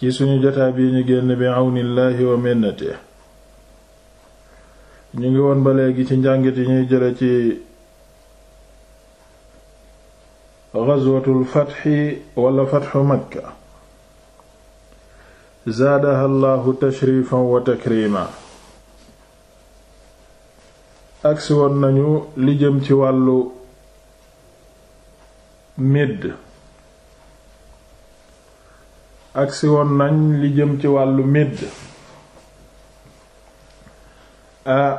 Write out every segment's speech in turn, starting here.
ci suñu jotaa bii ñu génn bi àwnillaahi wa minnati ñu ngi woon ba léegi ci njàngit yi ñuy jële ci ghazwatul fatxi wala fatxu makka zaadaha allahu tashrifan wa takrima agsi woon nañu li jëm ci wàllu midd agsi woon nañ li jëm ci wàllu Méd ah,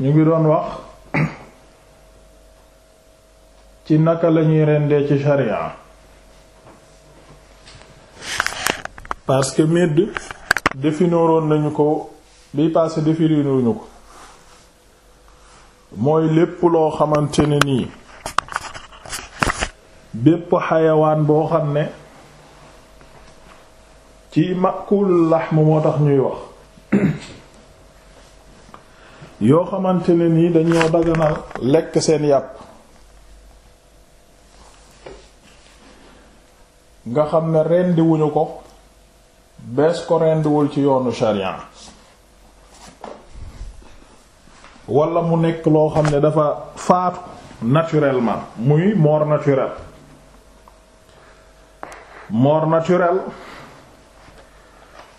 ñu ngi doon wax ci naka lañuy rendee ci sharia parce que Méd nañu ko bi passé définiruñu ko mooy lépp loo xamante ne nii bépp xayawaan boo xam ne ci makulul laxm moo tax ñuy wax yoo xamante ne nii dañoo daganal lekk seen yàpp nga xam ne rendiwuñu ko bees ko rendiwul ci yoonu sharia wala mu nekk loo xam ne dafa faatu naturellement muy mort naturelle mort naturelle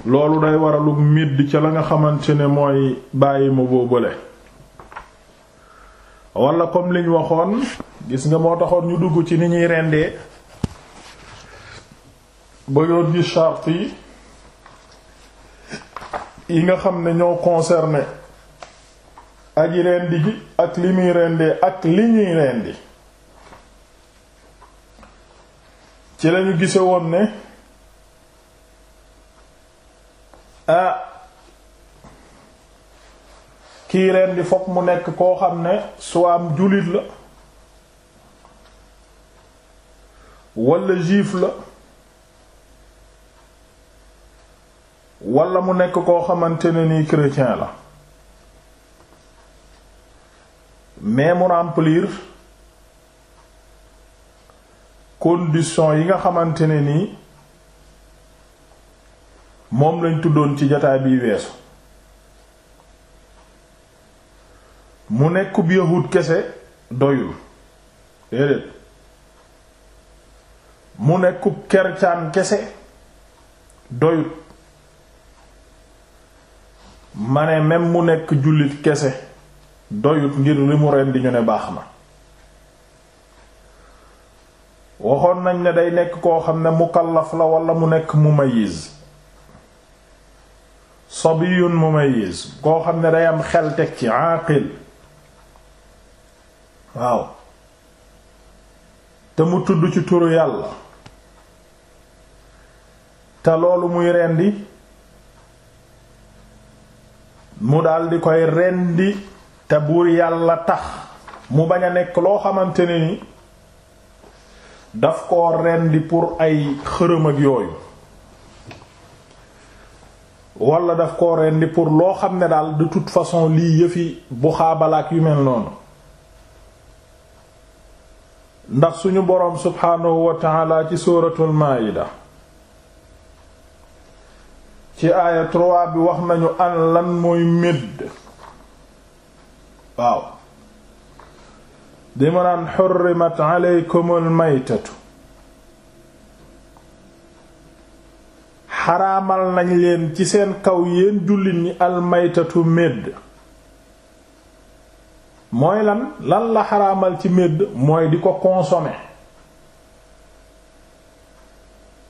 loolu day waralu midd ca la nga xamante ne mooy bàyyi ma boobale wala comme liñ waxoon gis nga moo taxoon ñu dugg ci ni ñuy rendee ba yoon gi charte yi yi nga xam ne ñoo concerné aji rendi gi ak li muy rendee ak li ñuy rendi ci lañu gise woon ne Ah. kii reen di fokk mu nekk koo xam ne suwaam jullit la walla juif la walla mu nekk koo xamante ne nii chrétien la mais mu remplir condition yi nga xamante ne nii moom lañ tuddoon ci jataay biy weesu mu nekkub yahud kese doyul déedéet mu nekkub kercaan kese doyut ma ne mu nekk jullit kese doyut ngir li mu ren ñu ne baax na waxoon nañ ne day nekk koo xam ne mukallaf la wala mu nekk mu mayis sabiyun mumayyiz koo xam ne day am xel teg ci aaqil waaw te mu tudd ci turu yàlla te loolu muy rendi mu daldi koy rendi te buur yàlla tax mu bañ a nekk loo xamante ne ni daf koo rendi pour ay xërëm ak yooyu wala daf koo rendi pour loo xam ne daal de toute façon lii yëfi bu xaabalaak yu mel noonu ndax suñu boroom subhaanahu wa taala ci suuratul maayida ci aaya 3 bi wax nañu an lan mooy médd waaw di mu naan xurrimat aleykumul maytatu xaraamal nañ leen ci seen kaw yéen jullit ñi almaytatu médd mooy lan lan la xaraamal ci médd mooy di ko consommer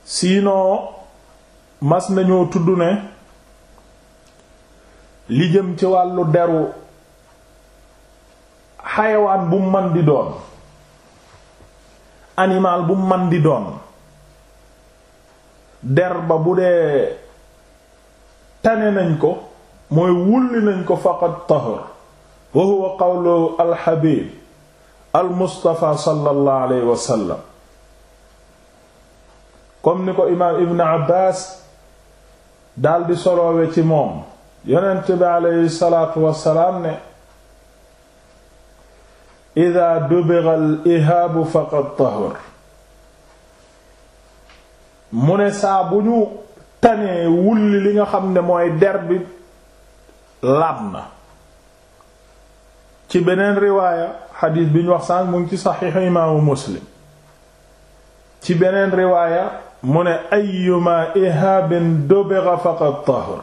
sinon mas nañoo tudd ne li jëm ci wàllu deru xayawaan bu man di doon animal bu man di doon der ba bu dee tane nañ ko mooy wulli nañ ko faqad tahur wa huwa qawlu alxabib almustafa sallallahu alayhi wa sallam comme ni ko imaam ibn abbas daldi soloowe ci moom yonent bi aleyhi salaatu wasalaam ne ida dubira al ihaabu faqad tahur mu ne saa bu ñu tanee wulli li nga xam ne mooy der bi laab na ci beneen riwaaya xadiis biñ ñu wax sànq mu ci saxiixu imaamu ci beneen riwaaya mu ne ayuma ihaabin dubigha faqad tahur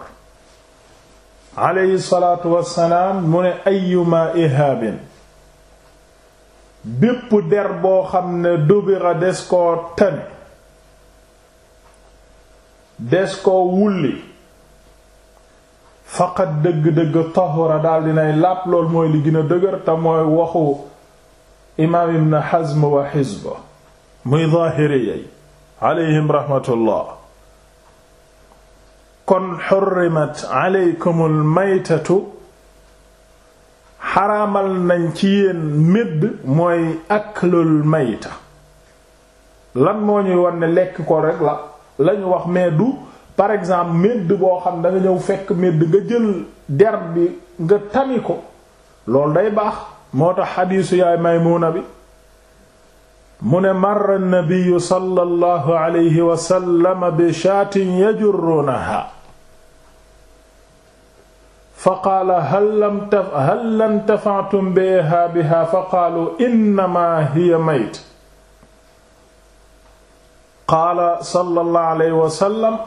alayhi salaatu wassalaam mu ne ayuma ihaabin bépp der boo xam ne dubigha des koo tane des koo wulli faqat dëgg-dëgg tahura daal dinay làpp lool mooy li gën a dëgër te mooy waxu imaam ibn Hazm wa xisba muy zaahiriyey aleyhim rahmatullah kon xurrimat aleykum almaytatu xaraamal nañ ci yéen médd mooy aklul mayta lan moo ñuy won lekk ko rek la lañu wax mais du par exemple medd boo xam da nga ñëw fekk medd nga jël der bi nga tami ko loolu day baax moo tax xadiisu yaay Maymuna bi mu ne marra nabiyu sallallahu alayhi wa sallam bi shaatin yajurrunaha fa qaala hal intafa'tum biha biha fa qaalu innamaa hiya mayt qaala sallallahu alayhi wa sallam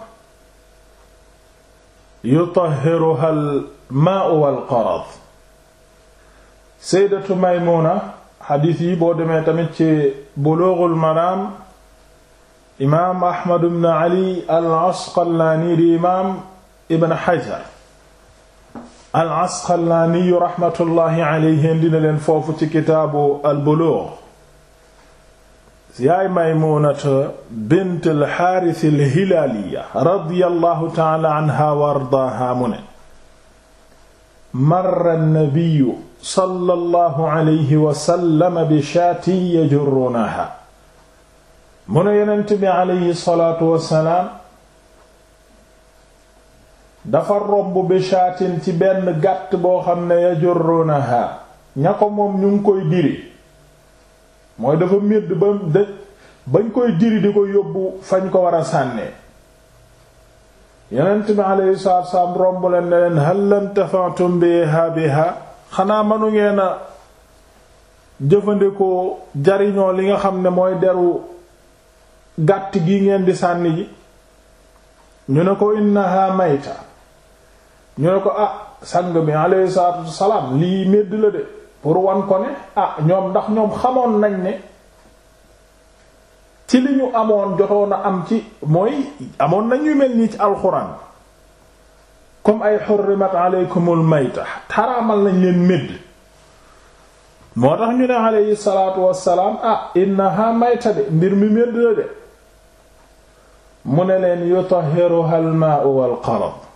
yutahhiruha al-maa'u wal-qarad sayyidatu Maymuna xadiis yi boo demee tamit ci Buluughul Maraam imaam Ahmad ibn Ali al-Asqalaani di imaam Ibn Hajar al-Asqalaani raxmatullaahi alayhi dina leen foofu ci kitaabu al-Buluugh yaay maymuunata bint alxaaris alhilaaliya radiyallahu taala anha wa ardaaha mu ne marra nabiyu sallallahu wa sallam bi shaatin yajurrunaha mu ne yonent bi alayhi salaatu wassalaam dafa romb bi shaatin ci benn gàtt boo xam ne yajurrunaha ña ko moom ñu koy diri mooy dafa médd ba da bañ koy jiri di ko yóbbu fañ ko war a sànnee yonent bi alayhi salaatu salaam romb leen ne leen hal intafa'tum biha xanaa manu ngeen a jëfandikoo jariñoo li nga xam ne mooy deru gàtt gi ngeen di sànni ji ñu ne ko innaha mayta ñu ne ko ah sang bi alayhi salaatu salaam lii médd la de pour wan ko ne ah ñoom ndax ñoom xamoon nañ ne ci li ñu amoon jotoon a am ci mooy amoon nañ ñu mel nii ci alxuraan comme ay xurrimat aleykumul mayta xaraamal nañ leen médd moo tax ñu ne aleyhi salaatu wassalaam ah innaha mayta de mbir mi médd la de mu ne leen yutahhiruha al maa'u wal qalb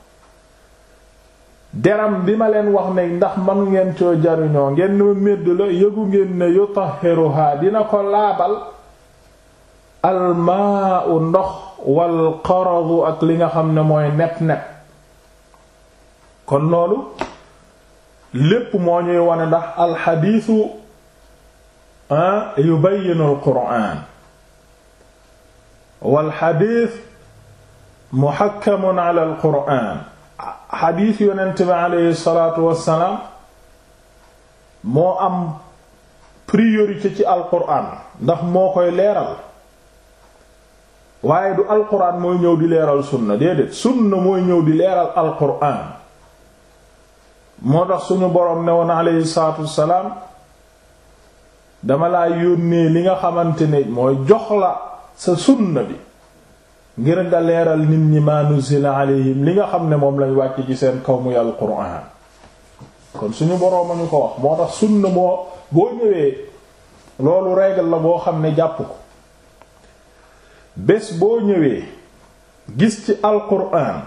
deram bi ma leen wax ne ndax manu ngeen coo jariñoo ngeen ma médd la yëgu ngeen ne yutahhiruha dina ko laabal almaa u ndox wal qaradu ak li nga xam ne mooy net-net kon loolu lépp moo ñuy wone ndax alxadiisu ah, yubayyinu alquraan walxadiis muhakkamun ala alquraan xadiis yonent bi aleyhi wassalaam moo am priorité ci alquran ndax moo koy leeral waaye du alquran mooy ñëw di leeral sunna déedéet sunna mooy ñëw di leeral alquran moo tax suñu boroom ne woon aleyhi salaatu wassalaam dama laa yónnee li nga xamante ne mooy jox sa sunna bi ngir nga leeral nit ñi ma nuzila alayhim li nga xam ne moom lañ wàcc ci seen kaw muy alquran kon suñu boroom ko wax moo tax sunna moo boo ñëwee loolu règle la boo xam ne jàpp ko bés boo ñëwee gis ci alquran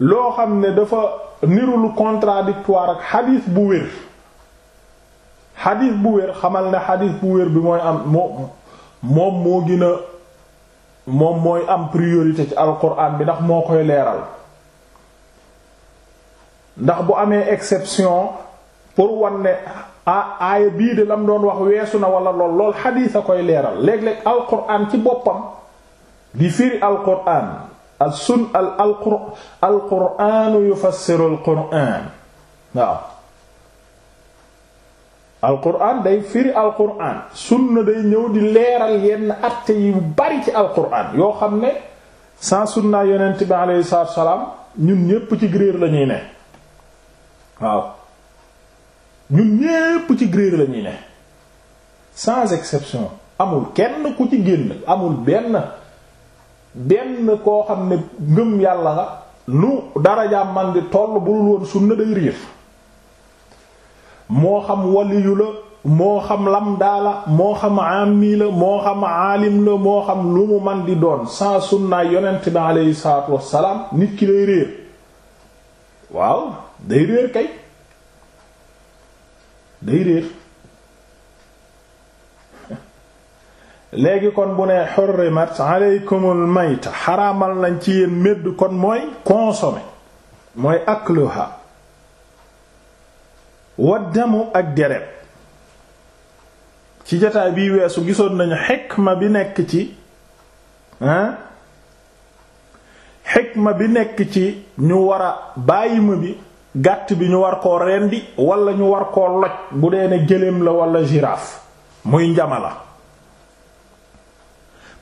loo xam ne dafa niru lu contradictoire ak xadis bu wér xadis bu wér xamal ne xadis bu wér bi mooy am moom moo gën moom mooy am priorité ci alquran bi ndax moo koy leeral ndax bu amee exception pour wan ne ah aaya bii de lam doon wax weesu na wala lool lool xadiis a koy leeral léeg-léeg alquran ci boppam di firi alquran as sun al alqur alquranu yufassiru alquran waaw alquran day firi alquran sunna day ñëw di leeral yenn atte yu bari ci alquran yoo xam ne sans sunna yonent bi aleyhi salaatu salaam ñun ñépp ci gréer lañuy ne waaw ñun ci gréer la ñuy ne sans exception amul kenn ku ci génn amul benn benn koo xam ne ngëm yàlla nga lu darajaam man di toll bu dul woon sunna day riir moo xam waliyu la moo xam lamdaa la moo xam ammi la moo xam aalim la moo xam lu mu man di doon sans sunna yonent bi aleyhi salaatu wassalaam nit ki day réer waaw day réer kay day réer léegi kon bu ne xurrimat aleykumul mayta xaramal nañ ci yéen médd kon mooy consommer mooy akluha waddamu ak deret ci jotaay bii weesu gisoon nañu xikma bi nekk ci hein xikma bi nekk ci ñu war a bàyyima bi gàtt bi ñu war koo rendi wala ñu war koo loj bu dee ne gëléem la walla giraaf muy njama la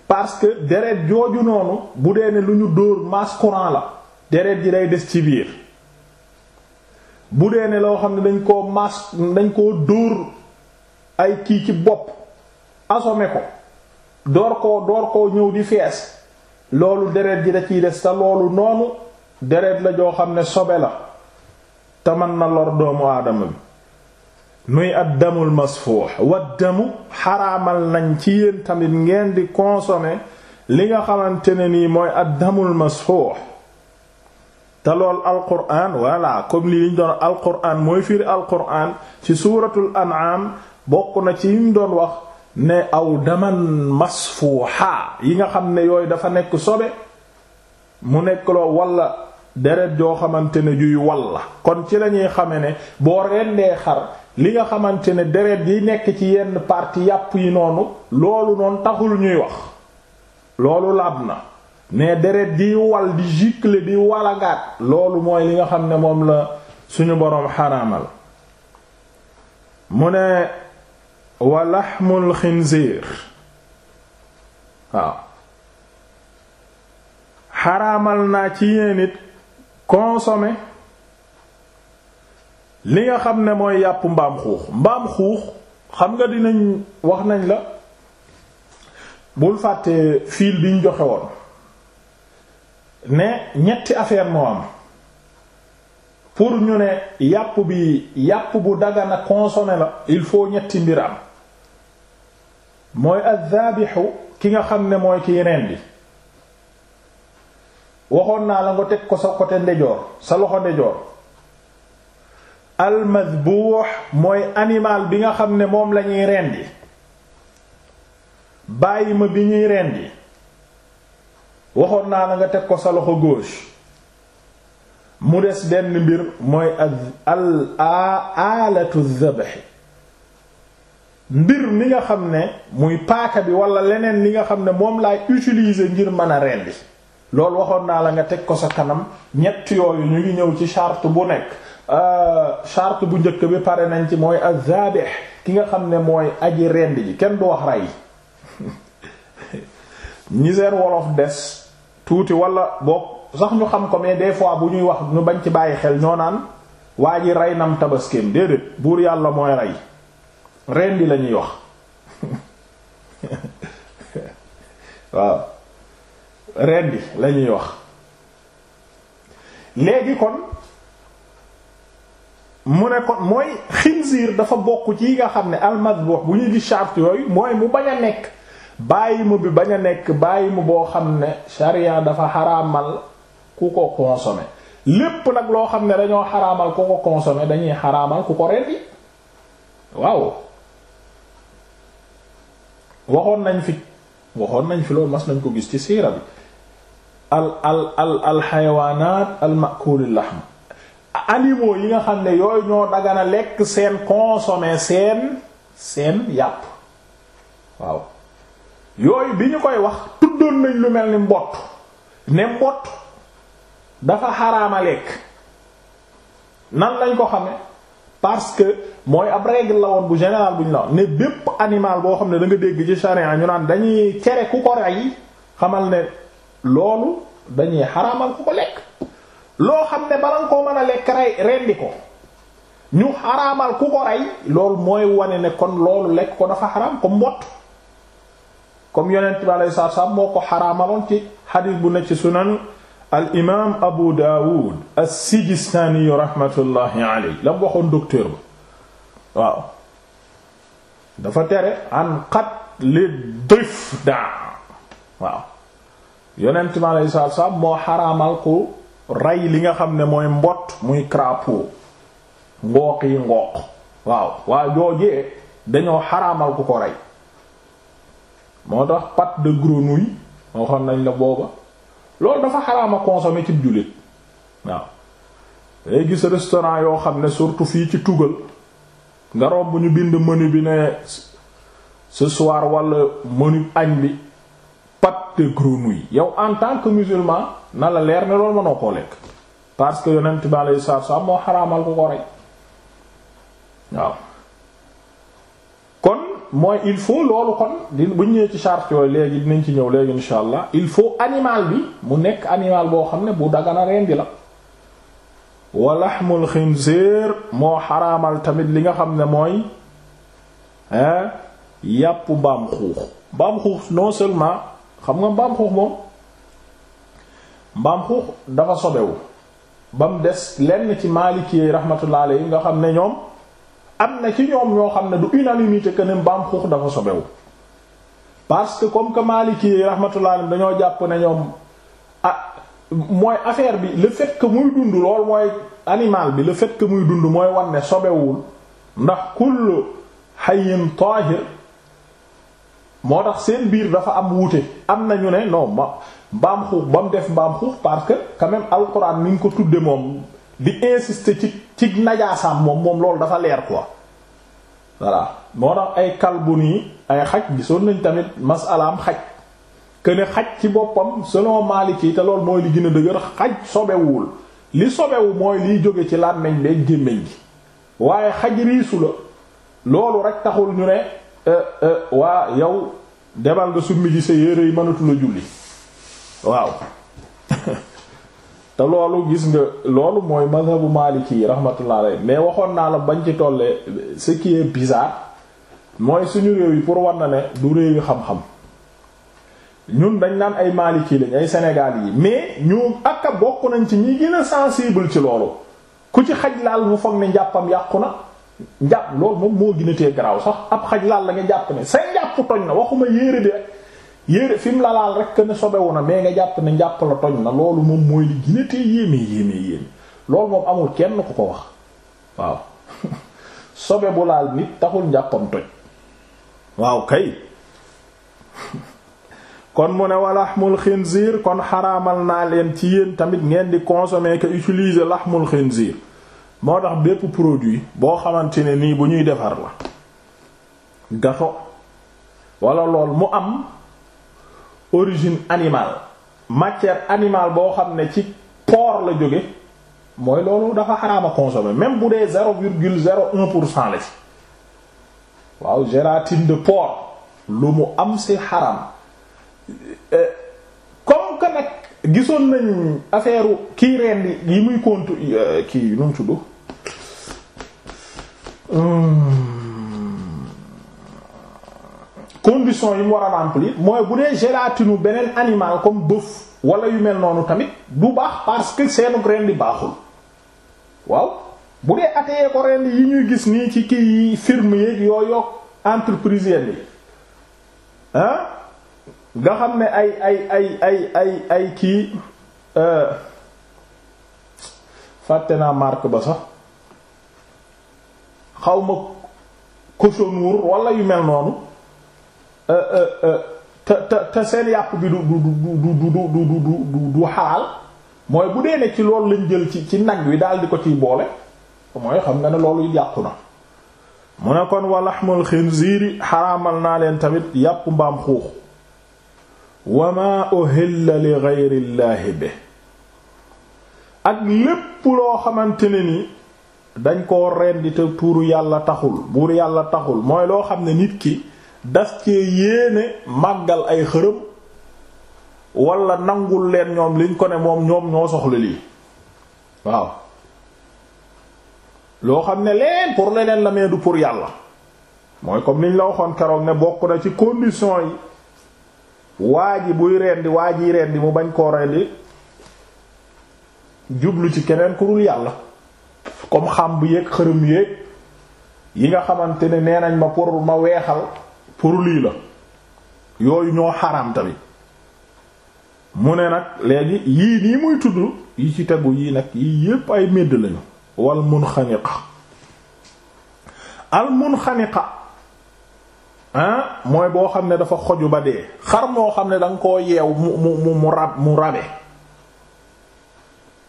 parce que deret jooju noonu bu dee ne lu ñu dóor masse courant la deret ji day des ci biir bu dee ne loo xam ne dañ koo mas dañ koo dóor ay kii ci bopp asome ko door koo door koo ñëw di fees loolu deret ji da ciy des te loolu noonu deret la joo xam ne sobe la te mën na lor doomu aadama bi muy ad damul masfuux wa damu xaraamal nañ ci yéen tamit ngeen di consommer li nga xamante ne nii mooy ad damul masfuux te lool alquran voilà comme li liñ doon alquran mooy firi alquran ci suuratul an'am bokk na ci yiñ doon wax ne aw daman masfuha yi nga xam ne yooyu dafa nekk sobe mu nekk loo walla deret joo xamante ne juy walla kon ci la ñuy xame ne boo rendee xar li nga xamante ne deret yi nekk ci yenn parti yàpp yi noonu loolu noonu taxul ñuy wax loolu laab na mais deret di wal di bi di walangaat loolu mooy li nga xam ne moom la suñu boroom xaraamal mu ne wa laxmul xinziir waaw xaraamal naa ci yéen it consommer li nga xam ne mooy yàpp mbaam xuux mbaam xuux xam nga dinañ wax nañ la bul fàtte fiil biñ joxe woon ne ñetti affaire moo am pour ñu ne yàpp bi yàpp bu dagana consommé la il faut ñetti mbir am mooy azaabixu ki nga xam ne mooy kiy rendi waxoon naa la nga teg ko sa côté ndejoor sa loxo ndejoor almadbuux mooy animal bi nga xam ne moom lañuy rendi bàyyi ma bi ñuy rendi waxoon naa la nga teg ko sa loxo gauche mu des benn mbir mooy al alatu zabh mbir mi nga xam ne muy paaka bi wala leneen li nga xam ne moom laay utiliser ngir mën a rendi loolu waxoon naa la nga teg ko sa kanam ñett yooyu ñu ngi ñëw ci charte bu nekk euh, charte bu njëkk bi pare nañ ci mooy azabih ki nga xam ne mooy aji rend ji kenn du wax rey ñi seen wolof des tuuti walla boog sax ñu xam ko mais des fois bu ñuy wax ñu bañ ci bàyyi xel ñoo naan waa ji rey nam tabaskeem déedéet buur yàlla mooy rey rendi la ñuy wax waaw rendi lañuy ñuy wax léegi kon mu ne kon mooy xinziir dafa bokk ci yi nga xam ne almadbuh bu ñuy gis charte yooyu mooy mu bañ a nekk bàyyi mu bi bañ a nekk bàyyi mu boo xam ne sharia dafa xaramal ku ko consommé lépp nag loo xam ne dañoo xaraamal ku ko consommé dañuy xaraamal ku ko rendi waaw waxoon nañ fi waxoon nañ fi loolu mas nañ ko gis ci siira bi al al al al al makulil lahm animaux yi nga xam ne yooyu ñoo dagana lekk seen consommé seen seen yàpp waaw yooyu bi ñu koy wax tuddoon nañ lu mel ni mbott ne mbott dafa xaraama lekk nan lañ ko xame parce que mooy ab règle la bu général bu ñu la ne bépp animal boo xam ne da dégg ci charia ñu naan dañuy cere ku ko rey xamal ne loolu dañuy xaraamal ku ko lekk loo xam ne bala nga koo mën a lekk rey rendi ko ñu xaraamal ku ko rey loolu mooy wane ne kon loolu lekk ko dafa xaram ko mbott comme yonent bi alayhi salaatu salaam moo ko xaraamaloon ci xadiis bu ne ci sunan al imaam Abu Daawud as-Sijistaani rahmatullahi alayhi la mu waxoon ba waaw dafa tere an qatli difdaa waaw yonent bi alayhi salaam moo xaraamal ko rey li nga xam ne mooy mbott muy crapaud ngooq yi ngooq waaw waaw joojee dañoo xaraamal ku ko rey moo tax pâte de grenouille moo xam nañ la booba loolu dafa xaraama consommer ci jullit waaw day gis restaurant yoo xam ne surtout fii ci tugal nga romb ñu bind mënu bi ne ce soir wala menu añ bi pâte de grenouille yow en tant que musulman na la leer ne loolu mënoo koo lekk parce que yonent bi alayhi salaatu wa moo xaraamal ko ko rek waaw kon mooy il faut loolu kon di bu ñëwee ci charte yooyu léegi dinañ ci ñëw léegi insha allah il faut animal bi mu nekk animal boo xam ne bu dagana rendi la wa lahmul xinziir moo xaraamal tamit li nga xam ne mooy hein yàpp mbaam xuux mbaam xuux non seulement xam nga mbaam xuux moom mbaam xuux dafa sobewu ba mu des lenn ci maalikee rahmatullah yi nga xam ne ñoom am na ci ñoom ñoo xam ne du unanimité que ne mbaam xuux dafa sobewu parce que comme que Maliki yi rahmatullah dañoo jàpp ne ñoom ah mooy affaire bi la fait muy dund lool mooy animal bi la fekk muy dund mooy wan ne sobewul ndax kullu hayyin tahir moo tax seen biir dafa am wuute am nañu ne non ma mbaam xuux ba mu def mbaam xuux parce que quand même alxuraan ni ñu ko tudde moom li insister ci ci najaasaam moom moom loolu dafa leer quoi voilà moo tax ay kalbu nii ay xaj gisoon nañ tamit masalaam xaj que ne xaj ci boppam selon Maliki te loolu mooy li gën a dëgër xaj sobewul li sobewu mooy liy jóge ci làmmiñ bi ak gémmiñ gi waaye xaj riisu la loolu rek taxul ñu ne euh, euh, waa yow demal nga summi ji sa yére yi mënatu la julli waaw te loolu gis nga loolu mooy mazhabu maliki yi rahmatullah alayhi mais waxoon naa la bañ ci tollee ce qui est bizarre mooy suñu réew yi pour war na ne du réew yi xam-xam ñun dañ naan ay maliki lañ ay Sénégal yi mais ñu aka bokk nañ ci ñuy gën a sensible ci loolu ku ci xaj laal mu foog ne njàppam yàqu na njàpp loolu moom moo gën garaaw sax ab xaj laal la nga jàpp ne say njàpp toñ na waxuma yéere de yére fi mu la laal rek que ne sobewu na mais nga jàpp ne njàpp la toj na loolu moom mooy li gën a tee yéeme yéeme yéeme moom amul kenn ku ko wax waaw sobe bu laal nit taxul njàppam toj waaw kay kon mu ne walaxmul xinziir kon xaraamal naa leen ci yéen tamit ngeen di consommer que utiliser laxmul xinziir moo tax bépp produit boo xamante ne nii bu ñuy defar la gato wala lool mu am origine animale matière animale boo xam ne ci porc la jóge mooy loolu dafa xaraama consommer même bu dee zéro virgule zéro un pour cent la ci waaw gélatine de porc lu mu am si xaram euh, comme que nag gisoon nañu affaire kii reen yi muy compte euh, kii nu mu tudd euh, condition yi mu war a remplir mooy bu dee gélatine beneen animal comme bëf wala yu mel noonu tamit du baax parce que seenu rendi baaxul waaw bu dee atayee ko rendi yi ñuy gis nii ci kii firme yeeg yoo yokk entreprise yi ah nga xam ne ay ay ay ay ay ay kii euh, fàtte naa marque ba sax xaw ma cochonour wala yu mel noonu Euh, euh, euh, te te te seen yàpp bi du du du du du du xalaal mooy bu dee ne ci loolu lañ jël ci ci nag wi daal di ko ciy boole mooy xam nga ne loolu yàqu na mu ne kon wa laxmul xinziiri xaraamal naa leen tamit yàpp mbaam xuux wa ma uhilla li gayrillaahi bi ak lépp loo xamante ne ni dañ koo rendi te tuuru yàlla taxul buur yàlla taxul mooy loo xam ne nit ki daf cee yéene màggal ay xërëm wala nangul leen ñoom liñ ko ne moom ñoom ñoo soxla lii waaw loo xam ne leen pour leneen la mee du pour yàlla mooy comme niñ la waxoon keroog ne bokk na ci condition yi waa ji buy rendi waa jiy rendi mu bañ koo rendi jublu ci keneen ku dul yàlla comme xàmb yéeg xërëm yéeg yi nga xamante ne nee nañ ma pour ma weexal pour lii la yooyu ñoo xaraam tamit mu ne nag léegi yii nii muy tudd yi ci tegu yii nag yii yépp ay médd lañu wal munxaniqa al munxaniqa ah mooy boo xam ne dafa xoju ba dee xar moo xam ne danga koo yeew mu mu mu rab mu rabe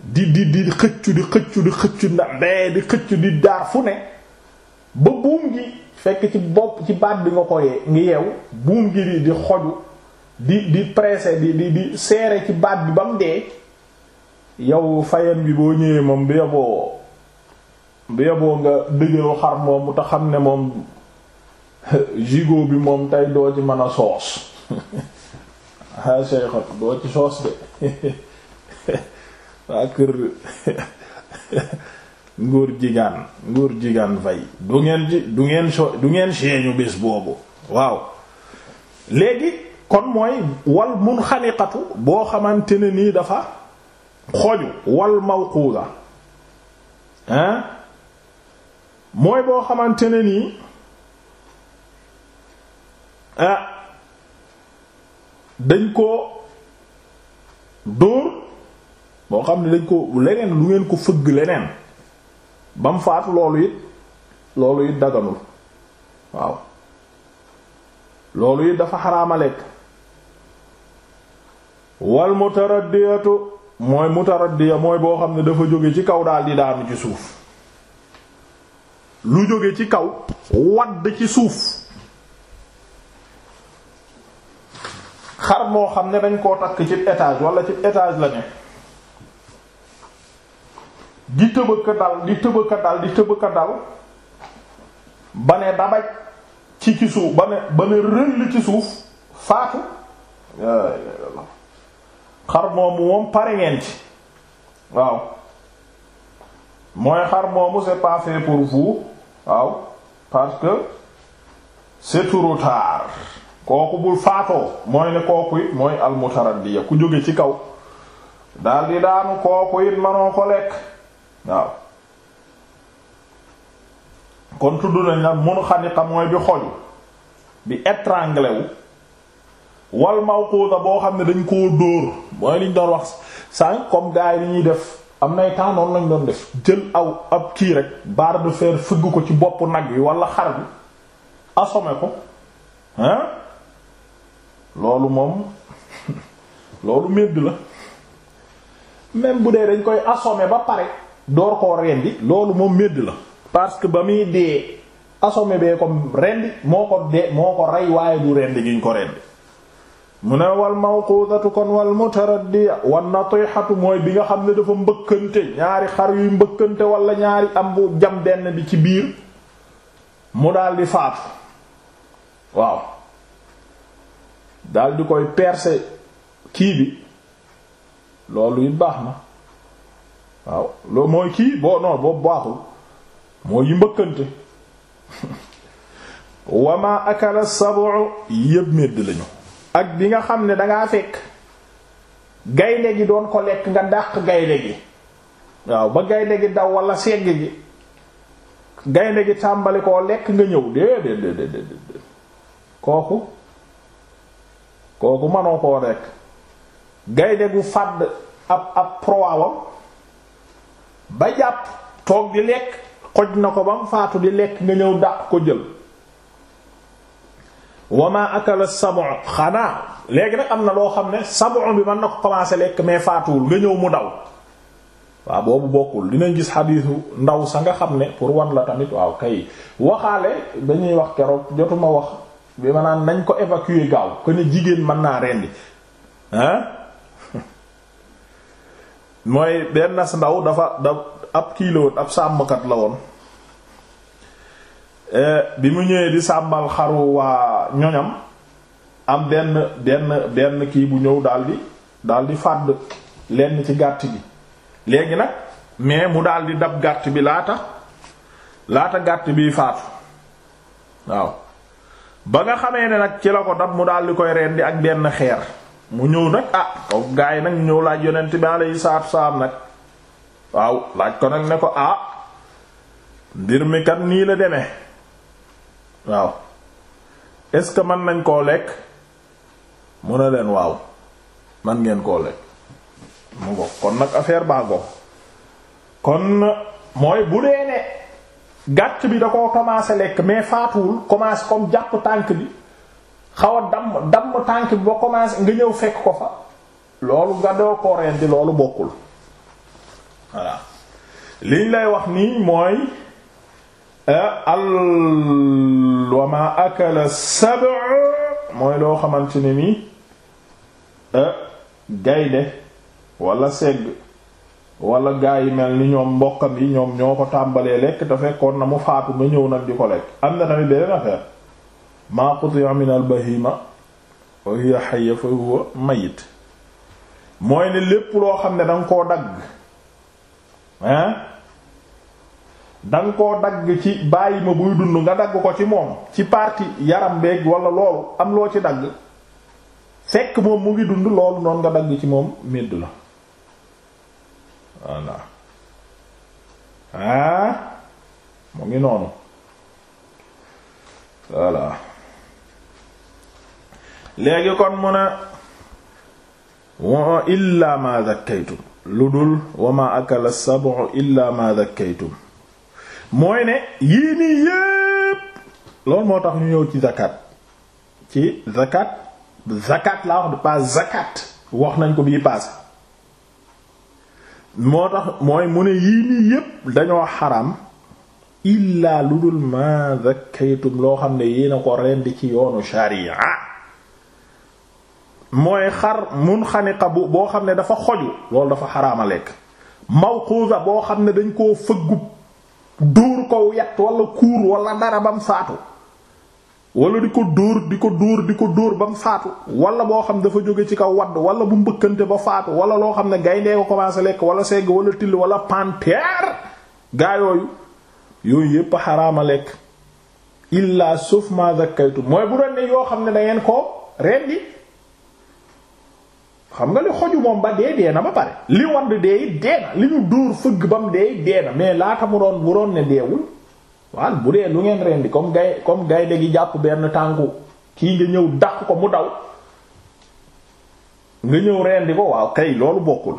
di di di xëccu di xëccu di xëccu ndax dee di xëccu di daar fu ne ba buum gi fekk ci bopp ci baat bi nga ko yee ngi yeew buum gi di di xoju di di pressé di di di ci baat bi ba mu dee yow fayam bi boo ñëwee moom bi yoboo bi yoboo nga dëgëru xar moomu te xam ne moom jigo bi moom tey doo ci mën a soos a ah, cheykhat doo ci soos de waa kër nguur jigaan ngóor jigaan fay du ngeen ji du ngeen so du ngeen seeñu bés boobu waaw léegi kon mooy wal munxaniqatu boo xamante ne nii dafa xoju wal mawquda hein mooy boo xamante ne nii ah, dañ ko dóor boo xam ne dañ koo leneen lu ngeen ko fëgg leneen ba mu faatu loolu it loolu it daganul waaw loolu it dafa xaraama lekk wal mutaraddiyatu mooy mutaraddiya mooy boo xam ne dafa jóge ci kaw daal di daanu ci suuf lu jóge ci kaw wadd ci suuf xar moo xam ne dañ koo takk ci étage wala ci étage la ne di tëbëka dal di tëbëka dal di tëbëka dal ba ne dabaj ci ci suuf ba ne ba ne rëll ci suuf faatu xar moomu moom pare ngeen ci waaw mooy xar moomu c'est pas pour vous waaw parce que c'est trop kooku bul faatoo mooy ne kooku mooy almutaraddiya ku jóge ci kaw daal di daanu kooku it manoo ko lekk waaw kon tudd nañ la munxaniqa mooy bi xoju bi étranglé wu wal mawquda boo xam ne dañ koo dóor mooy liñ doon wax sànq comme gars yi li ñuy def am nay temps noonu lañ doon def jël aw ab kii rek barre de fer fëgg ko ci bopp nag wi wala xar bi assommé ko hein loolu moom loolu medd la même bu dee dañ koy assommé ba pare door koo rendi loolu moom médd la parce que ba muy dee assommé bee ko rendi moo ko dee moo ko rey waaye du rendi giñ ko rendi mu ne wal mawqudatu kon wal mutaraddiya wan natihatu mooy bi nga xam ne dafa mbëkkante ñaari xar yuy mbëkkante wala ñaari am bu jam benn bi ci biir mu daldi faatu waaw daldi koy percer kii bi loolu it baax na waaw loo mooy kii boo non boobu baaxul mooy yi mbëkkante wama akala sab'u yëpp medd lañu ak bi nga xam ne dangaa fekk gaynde gi doon ko lekk nga dàq gaynde gi waaw ba gaynde gi daw walla segg gi gaynde gi tàmbali koo lekk nga ñëw déedéet déedéet kooku kooku manoo koo rekk gaynde gu fàdd ab ab prowaawam ba jàpp toog di lekk xoj na ko ba mu faatu di lekk nga ñëw dàq ko jël wama akala sab'u xanaa léegi nag am na loo xam ne sab'u bi mën na ko commencé lekk mais faatuwul nga ñëw mu daw waaw boobu bokkul dinañ gis xadiisu ndaw sa nga xam ne pour wan la tamit waaw kay waxaale dañuy wax keroog jotuma wax bi ma naan nañ ko évacuer gaaw ko ne jigéen mën naa rendi hein mooy benn si ndaw dafa da ab kii la woon ab sàmmkat la woon eh, bi mu ñëwee di sàmmal xaru waa ñoñam am benn benn benn kii bu ñëw daldi di fàdd lenn ci gàtt bi léegi nag mais mu daldi dab gàtt bi laata laata gàtt bi faatu waaw ba nga xamee ne nag ci la ko dab mu daldi koy rendi ak benn xeer mu ñëw nag ah kaw gaa yi nag ñëw laaj yonent bi yi salaatu salaam nag waaw laaj ko nag ne ko ah mbir mi kat nii la demee waaw est-ce que mën nañ koo lekk mu ne leen waaw man ngeen koo lekk mu ngo kon nag affaire baa ngo kon mooy bu dee ne gàtt bi da koo commencé lekk mais faatuwul commencé koom jàpp tànk bi xaw a damm damm tànk bi ba commencé nga ñëw fekk ko fa loolu nga doo ko rendi loolu bokkul voilà liñ lay wax nii mooy eh, al wa ma akala sab' mooy loo xamante ne nii eh, gaynde wala segg wala gaa yi mel ni ñoom mbokkam yi ñoom ñoo ko tàmbalee lekk te fekkoon na mu faatu nga ñëw nag di ko lekk am na tamit beneen affaire maa qutiya min al bahima wa hiya hayya fa mayit mooy ne lépp loo xam ne danga koo dagg hein danga koo dagg ci bàyyi ma buy dund nga dagg ko ci moom ci partie yaram beeg wala loolu am loo ci dagg fekk moom mu ngi dund loolu noonu nga dagg ci moom medd la voilà ah mu ngi noonu voilà léegi kon mu ne wa illaa ma zakkaytum lu dul wa ma akala sab'u illaa ma zakkaytum mooy ne yii nii yépp loolu moo tax ñu ñëw ci zakat ci zakat zakat laa wax de pas zakat wax nañ ko bii passé moo tax mooy mu ne yii nii yépp dañoo xaraam illaa lu dul ma zakkaytum loo xam ne yéena ko rendi ci yoonu sharia mooy xar mun xaniqa bu boo xam ne dafa xoju loolu dafa xaraama lekk mawquza boo xam ne dañ koo fëggub dóor ko yett wala kuur wala dara bam faatu wala di ko dóor di ko dóor di ko dóor bam faatu wala boo xam dafa jóge ci kaw wadd wala bu mbëkkante ba faatu wala loo xam ne gayndee ko commencé lekk wala segg wala till wala panthère gaa yooyu yooyu yépp xaraama lekk illa sauf ma zakkaytu mooy bu doon ne yoo xam ne dangeen ko rendi xam nga li xoju moom ba dee dee na ba pare li wand dee it dee na li ñu dóor fëgg ba mu dee it dee na mais laata mu doon bu doon ne deewul waaw bu dee lu ngeen rendi comme gay comme gaynde gi jàpp benn tànku kii nga ñëw dàq ko mu daw nga ñëw rendi ko waaw kay loolu bokkul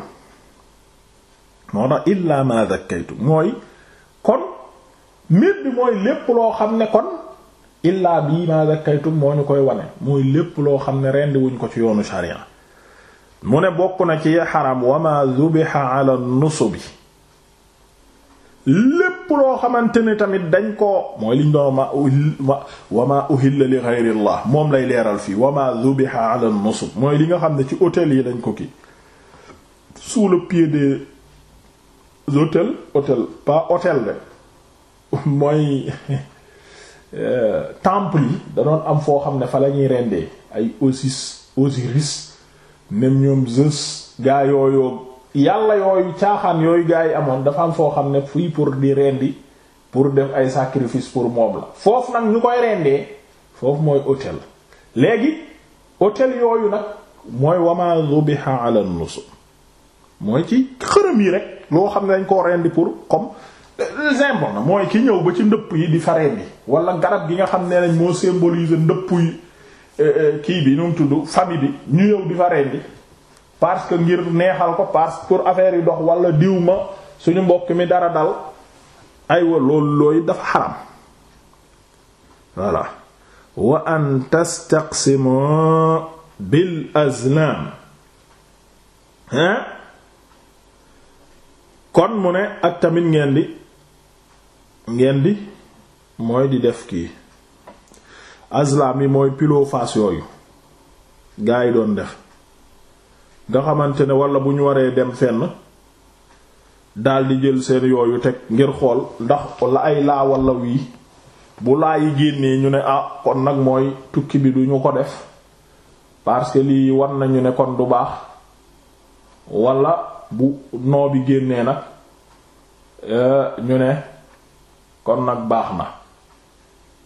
moo tax illa ma zakkaytu mooy kon mbir bi mooy lépp loo xam ne kon illa bi ma zakkaytu moo ñu koy wane mooy lépp loo xam ne rendi wuñ ko ci yoonu sharia mu ne bokk na ci xaram wama zubiha ala nusubi lépp loo xamante ne tamit dañ ko mooy liñ doon ma wama uhilla li ghayrillah moom lay leeral fii wama zubiha ala nusub mooy li nga xam ne ci hôtel yi dañ ko kii sous le pied des hôtels hôtel pas mooy euh, temple yi da am foo xam ne fa la ñuy rendee ay Osis Osiris même ñoom Zeus gaa yooyu yàlla yooyu caaxaan yooyu gaa yi amoon dafa am foo xam ne fii pour di rendi pour def ay sacrifice pour moom la foofu nag ñu koy rendee foofu mooy autel léegi autel yooyu nag mooy wama zubiha ala nusub mooy ci xërëm yi rek loo xam ne dañ koo rendi pour comme symbole na mooy ki ñëw ba ci ndëpp yi di fa rendi wala garab gi nga xam ne nañ moo symboliser ndëpp yi Eh, eh, kii bi nu mu tudd famille bi ñu yow di fa rendi parce que ngir neexal ko parce que pour affaire yi dox wala diw ma suñu mbokk mi dara dal aywa loolu looyu dafa xaram voilà wa an tastaqsimu bil azlam hein kon mu ne ak tamit ngeen di ngeen di mooy di def kii azlam yi mooy pilo face yooyu gaa yi doon def nga xamante ne wala bu ñu waree dem fenn daldi jël seen yooyu teg ngir xool ndax la ay laa wala wii bu laa yi génnee ñu ne ah kon nag mooy tukki bi duñu ko def parce que lii war nañu ne kon du baax wala bu noo bi génnee nag eh, ñu ne kon nag baax na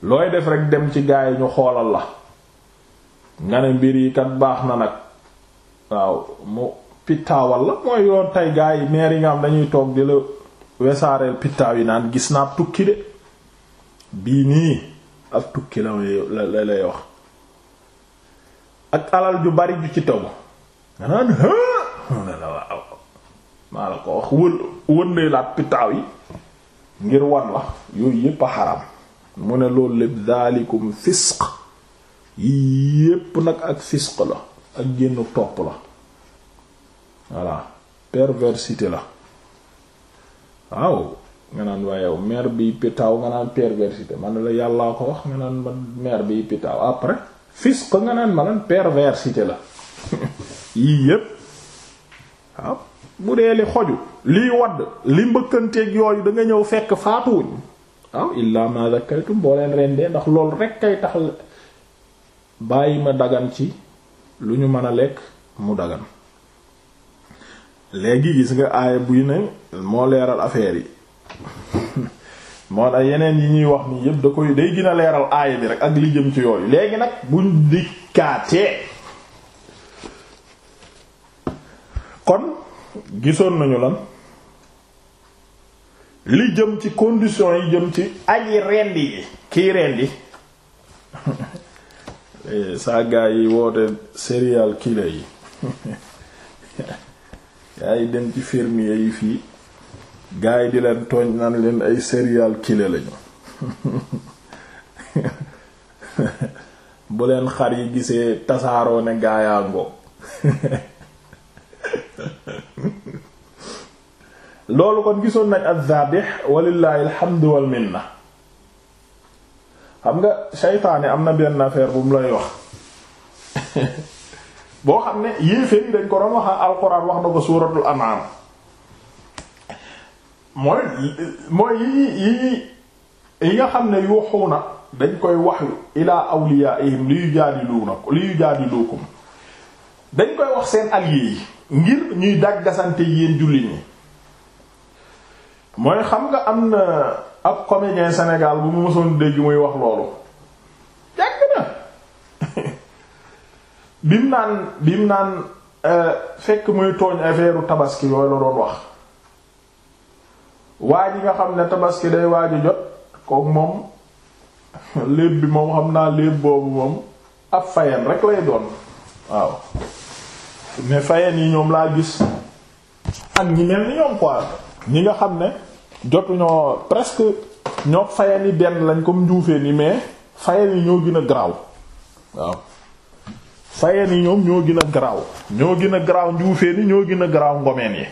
looy def rek dem ci gaa yi ñu xoolal la nga ne mbir yi kat baax na nag waaw mu pittaawal la mooy yoon tey gaa yi meer yi nga am dañuy toog di la wesaareel pittaaw yi naan gis naa tukki de bii nii ak tukki la la lay wax ak alal ju bari ju ci tegu nga naan ne maa la ko wax wë wëndeelaat pittaaw yi ngir wan la yooyu yépp a xaram mu ne loolu lépp daalikum fisq yi yépp nag ak fisq la ak génn topp la voilà perversité la waaw nga naan waaye meer mère bi pitaaw nga naan perversité man na la yàllaa ko wax nga naan man mère bi pitaaw après fisq nga naan ma naan perversité la yii yépp waaw bu dee li xoju liy wadd li mbëkkanteeg yooyu da nga ñëw fekk faatuwuñ waaw illaa ma zakaytum boo leen rendee ndax loolu rek kay tax bàyyi ma dagan ci lu ñu mën a lekk mu dagan léegi gis nga aaya buy ne moo leeral affaire yi moo tax yeneen yi ñuy wax nii yëpp da koy day gën a leeral aaya bi rek ak li jëm ci yooyu léegi nag buñ dikkaatee kon gisoon nañu lan li jëm ci condition yi jëm ci aji rendi yi kiy rendi eh, saa gaa yi woote serial killer yi gaa yi dem ci fermier yi fii gaa yi di leen tooñ naan leen ay serial killer lañu bu leen xar yi gisee tasaaroo ne gaayaa ngoog loolu kon gisoon nañ az-zaabih walillahi alhamdu wal minna xam nga seytaane am na benn affaire bu mu lay wax boo xam ne yéeféer yi dañ ko doon wax alxuraan wax na ko suuratul an'am mooy mooy yi yi yi nga xam ne yuuxuuna dañ koy wax ilaa awliyaa'ihim li yujaadiluuna li yujaadiluukum dañ koy wax seen alliés yi ngir ñuy dàggasante yéen jullit ñi mooy xam nga am na ab comédien senegal bu mu mësoon dégg muy wax loolu jàgg na bim naan bim naan euh, fekk muy tooñ affaire tabaski yooyu la doon wax waa yi nga xam ne tabaski day waaju jot kooku moom léeb bi moom xam naa léeb boobu moom ab fayeen rek lay doon waaw mais fayeen yi ñoom laa gis ak ñi mel ni ñoom quoi ñi nga xam ne jotuñoo presque ñoo yi benn lañ comme njuufeen yi mais yi ñoo gën a garaaw waaw fayani ñoom ñoo gën a garaaw ñoo gën a garaaw njuufeen yi ñoo gën a garaaw ngomeen yi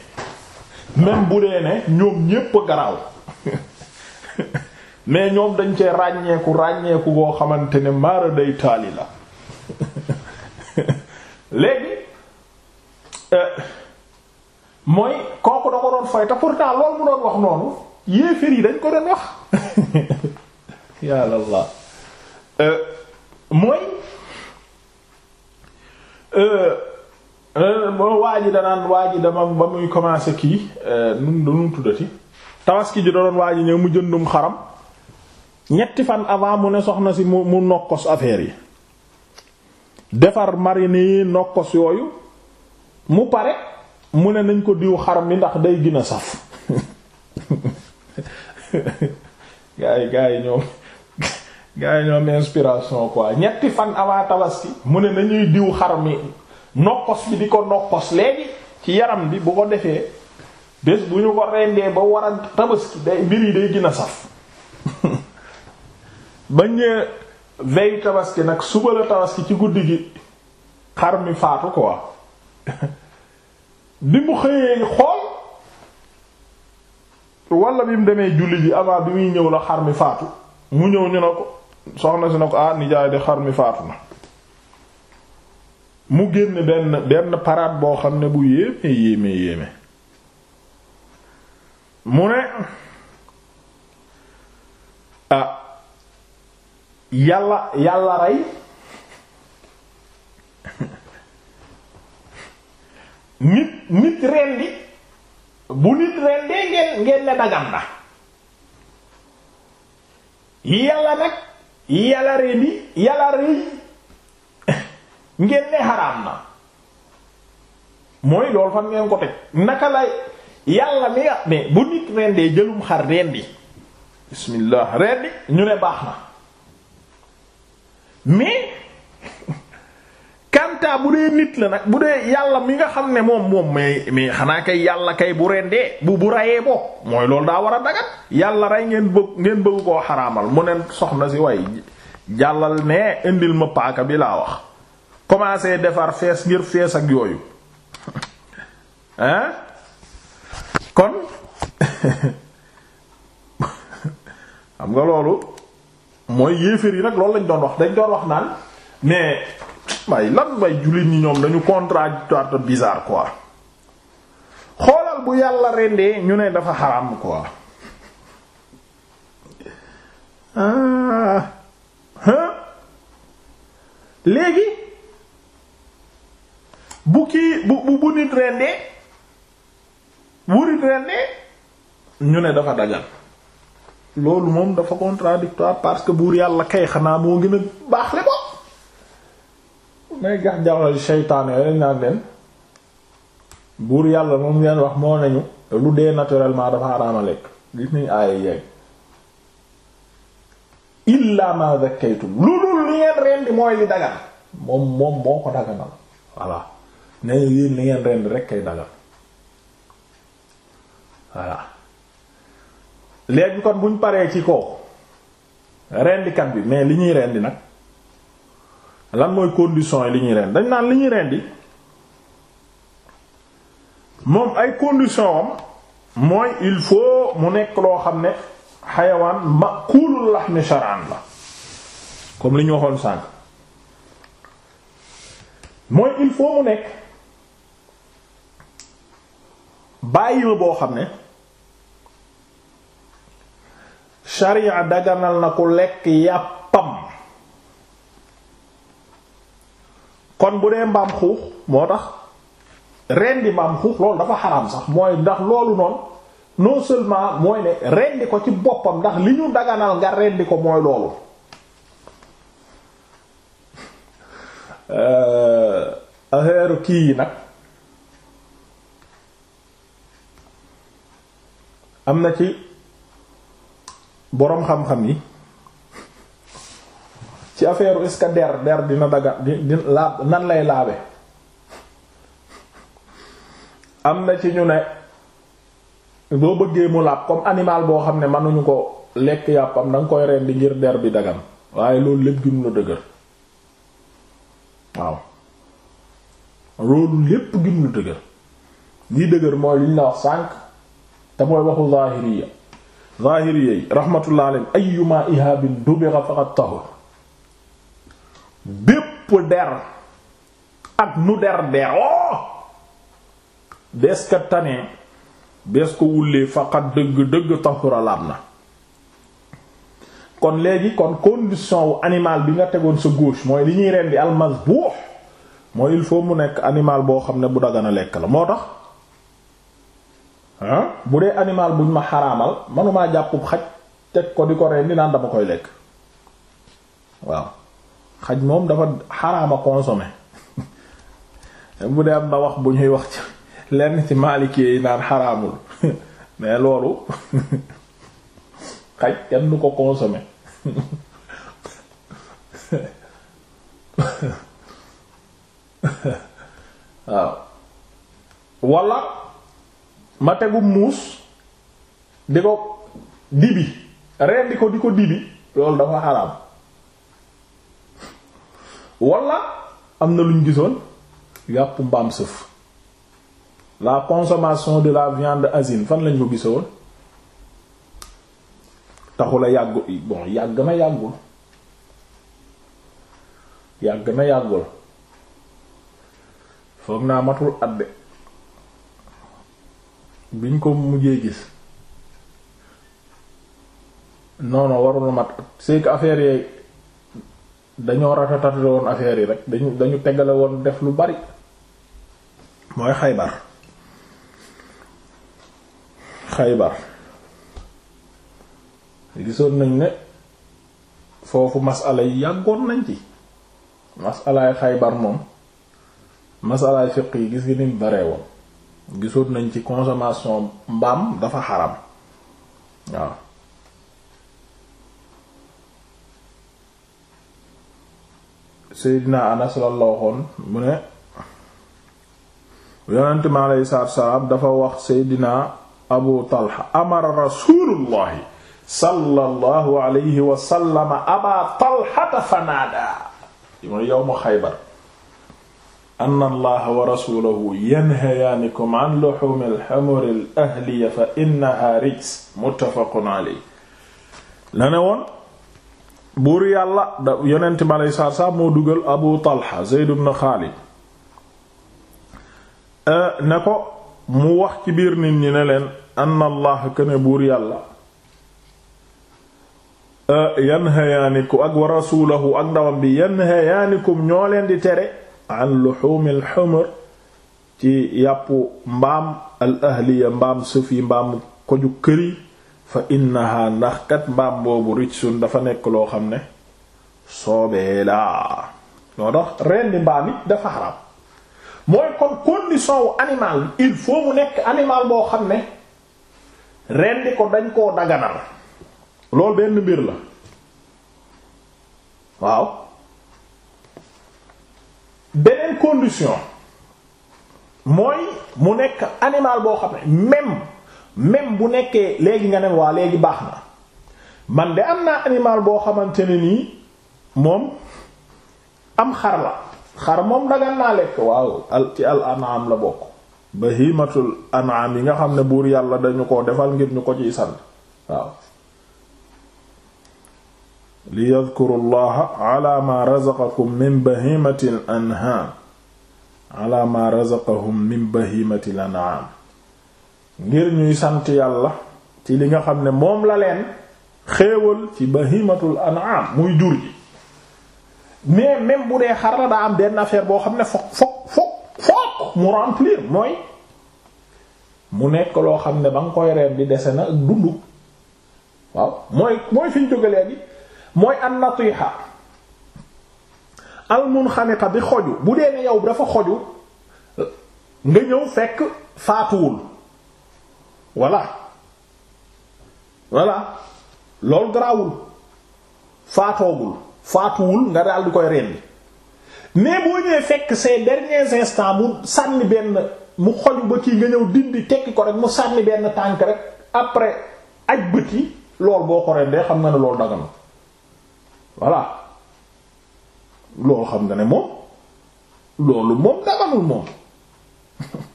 même bu dee ne ñoom ñépp garaaw mais ñoom dañ cee ràññeeku ràññeeku boo xamante ne maara day taali la léegi. Euh, mooy kooku da ko doon fay te pourtant loolu mu doon wax noonu yéeféer yi dañ ko doon wax yàlla la euh, mooy euh, euh, waa ji danaan waa ji dama ba muy commencé kii nun danu tuddati tabaski ji da doon waa ji ñëw mu jëndum xaram ñetti fan avant mu ne soxna si mu mu nokkos affaire yi defar marine yi nokkos yooyu mu pare mu ne nañ ko diw xaram mi ndax day gin a saf gaa yi gaa yi ñoom gaa yi ñoom inspiration quoi ñetti fan avant tabaski mu ne nañuy diw xar mi nokkos bi di ko nokkos léegi ci yaram bi bu ko defee bés bu ñu ko rendee ba war a tabaski day mbir yi day gën a saf bañ ne veille tabaski nag suba la tabaski ci guddi gi xar mi faatu quoi bi mu xëyee xool wala bi mu demee julli ji avant bi muy ñëw la xar mi faatu mu ñëw ñu ne ko soxna si ne ko ah nijaay de xar mi faatu na mu génn benn benn parade boo xam ne bu yéeme yéeme yéeme mu ne ah yàlla yàlla rey nit nit rendi bu nit rendee ngeen ngeen ne dagan na yàlla nag yàlla rendi yàlla rey ngeen ne xaraam na mooy loolu fan ngeen ko teg naka lay yàlla mi nga mais bu nit rendee jëlum xar rendi bismillah rendi ñu ne baax na mais kantaa bu dee nit la nag bu dee yàlla mi nga xam ne moom moom mais mais xanaa kay yàlla kay bu rendee bu bu rayee bo mooy loolu daa war a dagat yàlla rey ngeen bëgg ngeen bëgg koo xaraamal mu ne soxna si way jàllal ne indil ma paaka bi laa wax defar fees ngir fees ak yooyu kon xam nga loolu mooy yéeféer yi nag loolu lañ doon wax dañ doon wax naan mais may lan may jullit ñi ñoom dañu contradictoire te bizarre quoi xoolal bu yàlla rendee ñu ne dafa xaraam quoi ah léegi bu kii bu bu nit rendee bu nit rendee ñu ne dafa dagal loolu moom dafa contradictoire parce que buur yàlla kay xanaa moo gën a baax la bopp may gax jaxlali seytaan yooyu lañ leen buur yàlla moom leen wax moo nañu lu dee naturellement dafa xaraama lekk gis nañu aaya yeeg illa ma zakkaytum lu dul li ngeen rendi mooy li dagan moom moom moo ko daganal voilà ne yéen li ngeen rendi rek kay dagan voilà léegi kon buñ paree ci ko rendikat bi mais li ñuy rendi nag lan mooy condition yi li ñuy reen dañ naan li ñuy rendi moom ay condition am mooy il faut mu nekk loo xam ne xayawaan makulul laxmi shar'an la comme li ñu waxoon sànq mooy il faut mu nekk bàyyi ma boo xam ne sharia daganal na ku lekk yàpp kon bu dee mbaam xuux moo tax rendi mbaam xuux loolu dafa xaraam sax mooy ndax loolu noon non seulement mooy ne rendi ko ci boppam ndax li ñu daganal nga rendi ko mooy loolu euh, affaire kii yi nag am na ci boroom xam-xam yi ci affaire est-ce der der dina daga di laab nan lay laabe am na ci ñu ne boo bëggee mu laab comme animal boo xam ne mënuñu ko lekk yàppam danga koy rendi ngir der bi dagam waaye loolu lépp ginu la dëgër waaw loolu lépp ginu dëgër lii dëgër mooy li la wax sànq te mooy waxu zahiriya zahiriya yi rahmatullah alayhi ayyuma ihabin dubira faqad tahur bépp der ak nu der deroo bees ka tanee bees ko wullee faqat dëgg dëgg tahura laab na kon léegi kon condition wu animal bi nga tegoon sa gauche mooy li ñuy rendi almasbuux mooy il faut mu nekk animal boo xam ne bu dagan lekk la moo tax ah bu dee animal buñ ma xaraamal manumaa jàppub xaj teg ko di ko rendi naan dama koy lekk waaw xaj moom dafa xarama consommer bu dee am na wax bu ñuy wax ci lenn ci maalikee yi naan xaraamul mais loolu xaj kenn du ko consommer waaw walla ma tegu muus di ko dibi reen di ko di ko dibi loolu dafa xaraam wala am na luñ gisoon yàpp mbaam sëf la consommation de la viande asine fan lañ ko gisoon taxula yàggu bon yàgg na yàggul yàgg na yàggul foog naa matul adde biñ ko mujjee gis non warul mat c'est que affaire dañoo ratatale woon affaire yi rek dañu dañu tegale woon def lu bari mooy xaybar xaybar gisoon nañ ne foofu masala yi yàggoon nañ ci masalaay xaybar moom masalaay fiq yi gis gi ni bare woon gisoon nañ ci consommation mbaam dafa xaram waaw Seydina Anas lan la waxoon mu ne yonent mi aleyhi salaatu salaam dafa wax Seydina Abu Talha amara rasuulullahi sallallahu alayhi wa sallam Aba Talha fanaadaa mooy yawmu Xaybar anna Allaha wa rasuulahu yanhayaanikum an luhuumil humuril ahliyya fa innahaa rijs muttafaqun alayhi la ne woon buur yàlla da yonent mi aleyhi salaatu moo dugal abu talha zeyd ibn xaalid euh, ne ko mu wax ci biir nit ñi ne leen anna allah këne buur yàlla euh, yanhayaaniku ak wa rasuulahu ak ndawam bi yanhayaanikum ñoo leen di tere an luxuumil xumur ci yàppu mbaam al ahliya mbaam sufi mbaam koju këri fa innaha ndax kat mbaam boobu rijsun dafa nekk loo xam ne soobee laa ñoo tax rendi mbaam it dafa xaram mooy kon condition wu animal il faut mu nekk animal boo xam ne rendi ko dañ koo daganal loolu benn mbir la waaw beneen condition mooy mu nekk animal boo xam ne même même bu nekkee léegi nga ne waa léegi baax na man de am naa animal boo xamante ne nii moom am xar la xar moom dagan naa lekk waaw al ci al an'am la bokk bahimatul an'am yi nga xam ne buur yàlla dañu ko defal ngir ñu ko ciy sant waaw li yadhkuru allaha ala ma razaqakum min bahimatil an'am ma razaqahum min bahimatil an'am ngir ñuy sant yàlla ci li nga xam ne moom la leen xéewal ci bahimatul an'am muy jur ji mais même bu dee xar daa am benn affaire boo xam ne fokk fokk fokk mu remplir mooy mu nekk loo xam ne ba nga koy reer di dese na ak dund waaw mooy mooy fi ñu jógalee bi mooy an natiha al munxaniqa bi xoju bu dee ne yow dafa xoju nga ñëw fekk faatuwul voilà voilà loolu garaawul faatoogul faatuwul nga daal di koy rendi mais boo ñëwee fekk ces derniers instants mu sànni benn mu xol ba kii nga ñëw dindi tekki ko rek mu sànni benn tànk rek après aj bët yi loolu boo ko rendee xam nga ne loolu daga na voilà loolu xam nga ne moom loolu moom daganul moom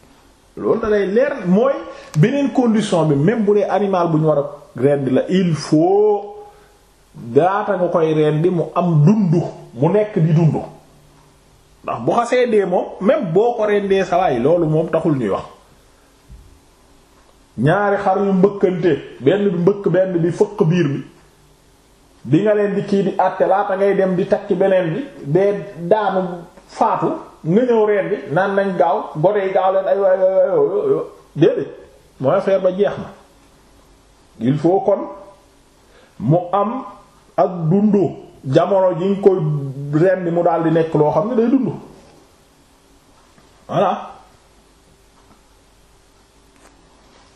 loolu da lay mooy beneen condition bi même bu dee animal bu ñu war a rendi la il faut daata nga koy rendi mu am dundu mu nekk di dundu ndax bu xasee dee moom même boo ko rendee sawaay loolu moom taxul ñuy wax ñaari xar yu mbëkkante benn bi mbëkk benn bi fëq biir bi bi nga leen di kii di àtte laata ngay dem di takki beneen bi bee daanu faatu nga ñëw reen bi naan nañ gaaw gone yi gaaw leen ay waay waay déedéet mooy affaire ba jeex na il faut kon mu am ak dundu jamono ji nga koy reen bi mu daal di nekk loo xam ne day dund voilà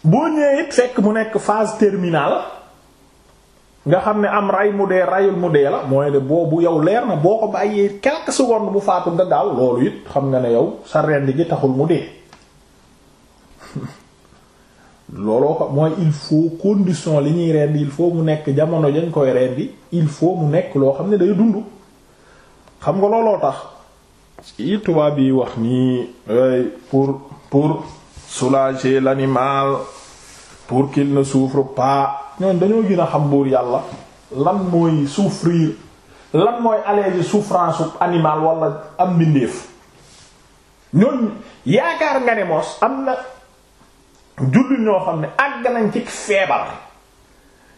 boo ñëwee it fekk mu nekk phase terminale nga xam ne am ray mu dee rayul mu dee la mooy ne boobu yow leer na boo ko bàyyee quelques secondes bu faatu nga gaaw loolu it xam nga ne yow sa rend gi taxul mu dee looloo ko mooy il faut condition li ñuy rendi il faut mu nekk jamono dañ koy rendi il faut mu nekk loo xam ne day dund xam nga looloo tax ci tubaab yi wax nii pour pour soulager l'animal pour qu'il ne souffre pas ñoon dañoo gën a xam buur yàlla lan mooy souffrir lan mooy alléger souffrance animal wala am mbindeef ñoon yaakaar nga ne moos am na jullit ñoo xam ne àgg nañ ci feebar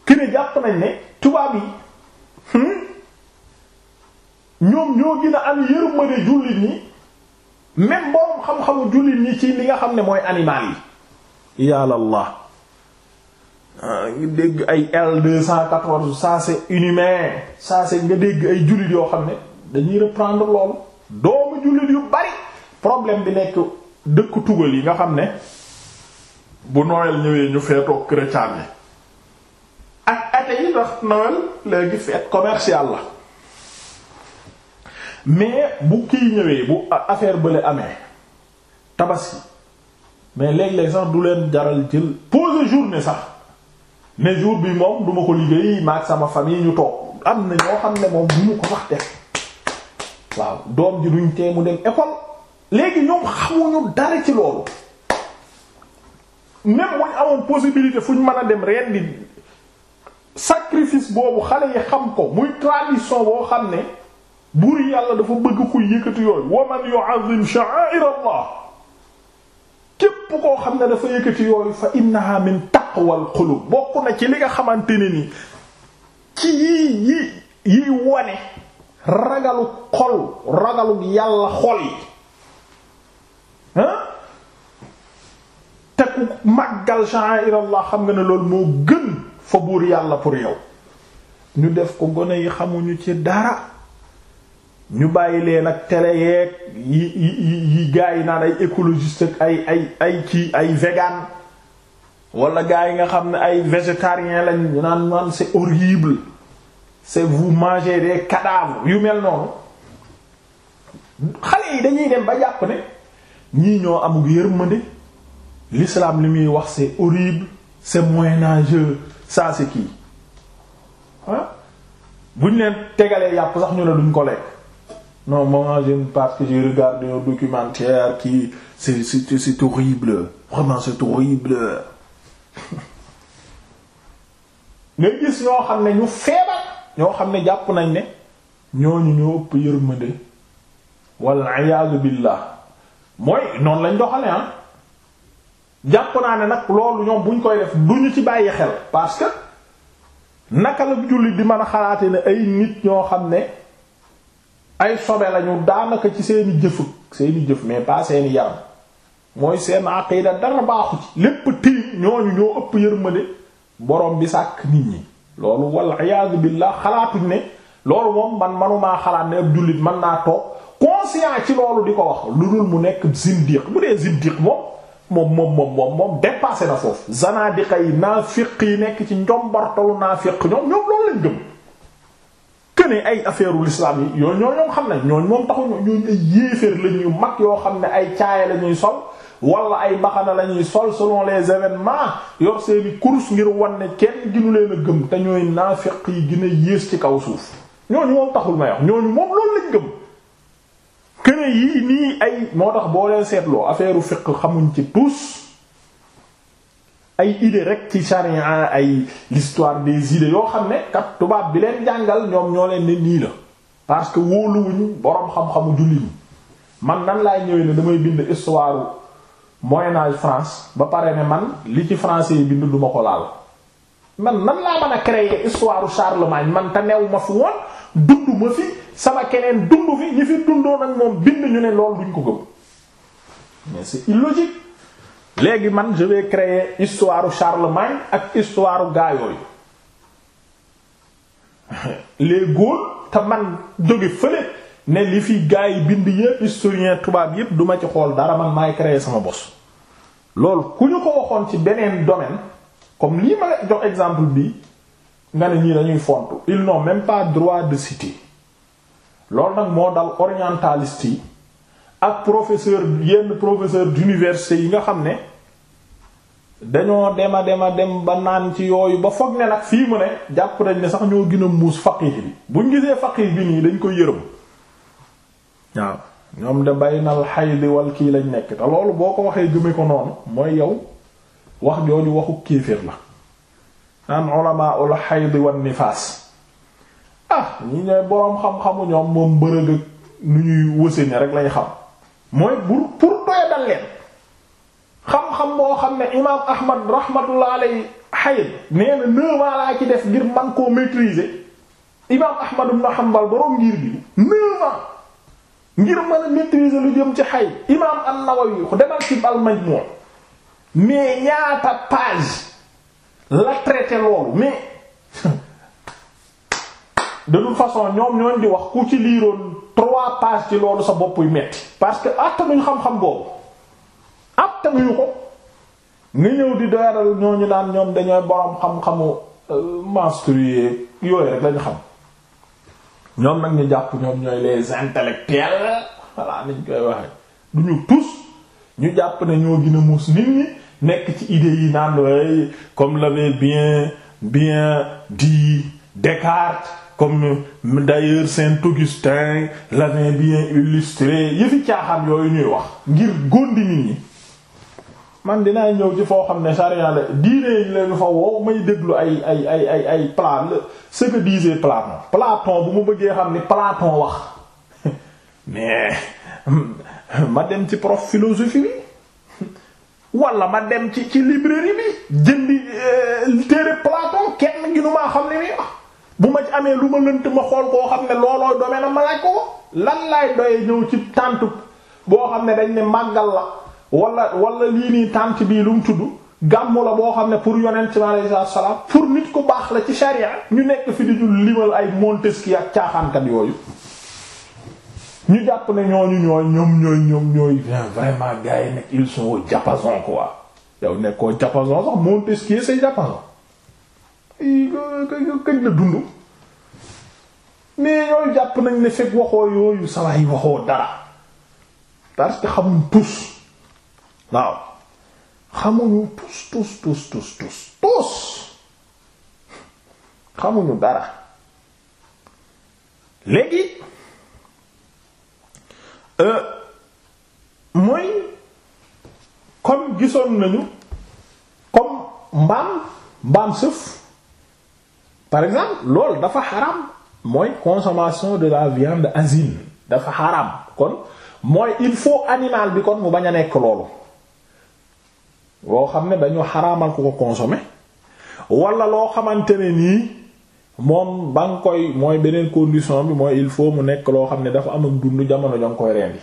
ki ne jàpp nañ ne tubaab yi hmm, ñoom ñoo gën a am yërmande jullit ñi même boroom xam-xamu jullit ñi ci li nga xam ne mooy animal yi yàlla Ah, ngi dégg ay L214 ça c'est inhumain ça c'est nga dégg ay jullit yoo xam ne dañuy reprendre loolu doomu jullit yu bari problème bi nekk dëkk tugal yi nga xam ne bu Noël ñëwee ñu feetoo chrétien yi ak athée yi ndax Noël léegi fête commercial la mais bu kii ñëwee bu affaire bële amee tabaski mais léeg-léeg sax du leen jaral jël pause journée sax mais jour bi moom duma ko liggéey maag sama famille ñu toog am na ñoo xam ne moom du ko waxte def waaw doom ji duñ tee mu dem école léegi ñoom xamuñu dara ci loolu même bu ñu amoon possibilité fu ñu mën a dem ren di sacrifice boobu xale yi xam ko muy tradition boo xam ne buur yàlla dafa bëgg ku yëkkati yooyu waman yu'azzim sha'a'ir Allah képp koo xam ne dafa yëkkati yooyu fa innaha min taqwal qulub bokk na ci li nga xamante ne ni ci yii yi yiy wone ragalu xol ragalu yàlla xol yi ah? te ku màggal sha'airallah xam nga ne loolu moo gën fa buur yàlla pour yow ñu def ko gone yi xamuñu ci dara ñu bàyyi leen ak télé yeeg yi yi yi gaa yi naan ay écologiste ak ay ay ay kii ay vegan wala gaa yi nga xam ne ay végétarien lañ naan naan c'est horrible c'est vous mangez des cadavres yu mel noonu xale yi dañuy dem ba jàpp ne ñii ñoo amul yërmande l'islam li muy wax c'est horrible c'est moyenâgeux ça c'est kii ah buñ leen tegalee yàpp sax ñu ne duñ ko lekk. non moi j'aime parce que j'ai regardé un documentaire qui c'est c'est c'est horrible vraiment c'est horrible nga gis ñoo xam ne ñu feebar ñoo xam ne jàpp nañ ne ñooñu ñoo ëpp yërmande walla iyaadu billaah mooy noonu lañ doxale ah jàpp naa ne nag loolu ñoom buñ koy def duñu ci bàyyi xel parce que naka la jullit di mën a xalaate ne ay nit ñoo xam ne ay sobe lañu daanaka ci seeni jëf seeni jëf mais pas seeni yaram mooy seen aqiida dara baaxu ci lépp tiim ñooñu ñoo ëpp yërmande borom bi sàkk nit ñi loolu wal iyaadu billah xalaatuñ ne loolu moom man manumaa xalaat ne ab jullit mën naa toog conscient ci loolu di ko wax lu dul mu nekk zindiq bu dee zindiq moom moom moom moom moom moom dépassé na foofu zanadiqa yi naafiq yi nekk ci njombartalu naafiq ñoom ñoom loolu lañ gëm këne ay affaire u l'islam yi yooyu ñoo xam nañ ñooñ moom taxu ñooñ ay yéeféer lañuy mag yoo xam ne ay caaya la ñuy sol wala ay mbaxana la sol selon les événements yor seeni course ngir won ne kenn ginu leen a gëm te ñooy naafiq yi gën a yées ci kaw suuf ñooñu moom taxul ma wax ñooñu moom loolu lañ gëm këne yii nii ay moo tax boo leen seetloo affaire u fiqh xamuñ ci tous ay idée rek ci charia ay l'histoire des idées yoo xam ne kat tubaab bi leen jàngal ñoom ñoo leen ne nii la parce que wóoluwuñu boroom xam-xamu jullit man nan laay ñëwee ne damay bind histoire Moyen Âge France ba pare ne man li ci france yi bind duma ko laal man nan laa mën a créer histoire Charlemagne man te new ma fi woon dund ma fi sama keneen dund fi ñi fi dundoo nag moom bind ñu ne lool duñ ko gëm léegi man je créer histoire Charlemagne ak histoire gaa yooyu les Gaules te man jóge fële ne li fi gaa yi bind yépp historien tubaab yépp duma ci xool dara man maay créer sama bos loolu ku ñu ko waxoon ci beneen domaine comme lii ma jox exemple bi nga ne ñii dañuy fontu ils n'ont même pas droit de citer loolu nag moo dal orientaliste yi ak professeur yenn professeur d'université yi nga xam ne dañoo dem a dem a dem ba naan ci yooyu ba foog ne nag fii mu ne jàpp nañ ne sax ñoo gin a muus faqih bi buñ gisee faqih bi nii dañ koy yërëm waaw ñoom de baynal xaydi wal kii lañ nekk te loolu boo ko waxee gëme ko noonu mooy yow wax jooju waxu kéeféer la naan ulama ul xaydi wan nifaas ah ñi ñooy boroom xam-xamu ñoom moom bërëg ak nu ñuy wësene rek lay xam mooy pour pour doya leen xam-xam boo xam ne imaam Ahmad rahmatullah alayhi xayr nee na laa ci def ngir man koo maîtriser imaam Ahmad ibn Hanbal borom ngir bi neuf ans ngir mën a lu jëm ci xay imaam an-Nawawi demal ci al-Majmu' mais ñaata page la traité loolu mais de toute façon ñoom ñooñ di wax ku ci liiroon trois pages ci loolu sa bopp metti parce que attanuñ xam-xam boobu. attanuñu ko nga ñëw di doyaral ñooñu naan ñoom dañooy borom xam-xamu euh, menstrué yooyu rek lañu xam ñoom nag ñu jàpp ñoom ñooy les intellectuels voilà niñ koy waxe du ñu tus ñu jàpp ne ñoo gën muus nit ñi nekk ci idées yi naan way comme l'avait bien bien di Descartes comme d'ailleurs Saint-Augustin l'avait bien illustré yëfi caaxaan yooyu ñuy wax ngir góndi nit ñi man dinaa ñëw ci foo xam ne charia la diine ñu leen fa wow may déglu ay ay ay ay ay plat la ce que disait Platon bu ma bëggee xam ni Platon wax mais ma dem ci prof philosophie bi wala ma dem ci ci librairie bi jëndi euh, téere Platon kenn ginu maa xam ne mi bu ma amee lu ma lënt ma xool koo xam ne looloo domaine ma laaj ko lan laay doyee ñëw ci tànt boo xam ne dañ ne màggal la wala wala lii nii tànt bii lu mu tudd gàmmu la boo xam ne pour yonent bi alayhi salaam pour nit ku baax la ci sharia ñu nekk fi di ñu limal ay Montesquieu ak caaxaankat yooyu ñu jàpp ne ñoom ñooy ñoom ñooy ah, vraiment gars yi nag ils sont nekkoo diapason sax Montesquieu c'est diapason këj jàpp nañ ne fekk waxoo yooyu sawaay waxoo dara parce que xamuñ tous waaw xamuñu tus tus tus tus tus xamuñu dara léegi euh, mooy comme gisoon nañu comme mbaam mbaam sëf par exemple loolu dafa xaram mooy consommation de la viande asine dafa xaram kon mooy il faut animal bi kon mu bañ a nekk loolu loo xam ne dañu xaraamal ku ko consommer wala loo xamante ne nii moom ba nga koy mooy beneen condition bi mooy il faut mu nekk loo xam ne dafa am ak dund jamono ja nga koy rendi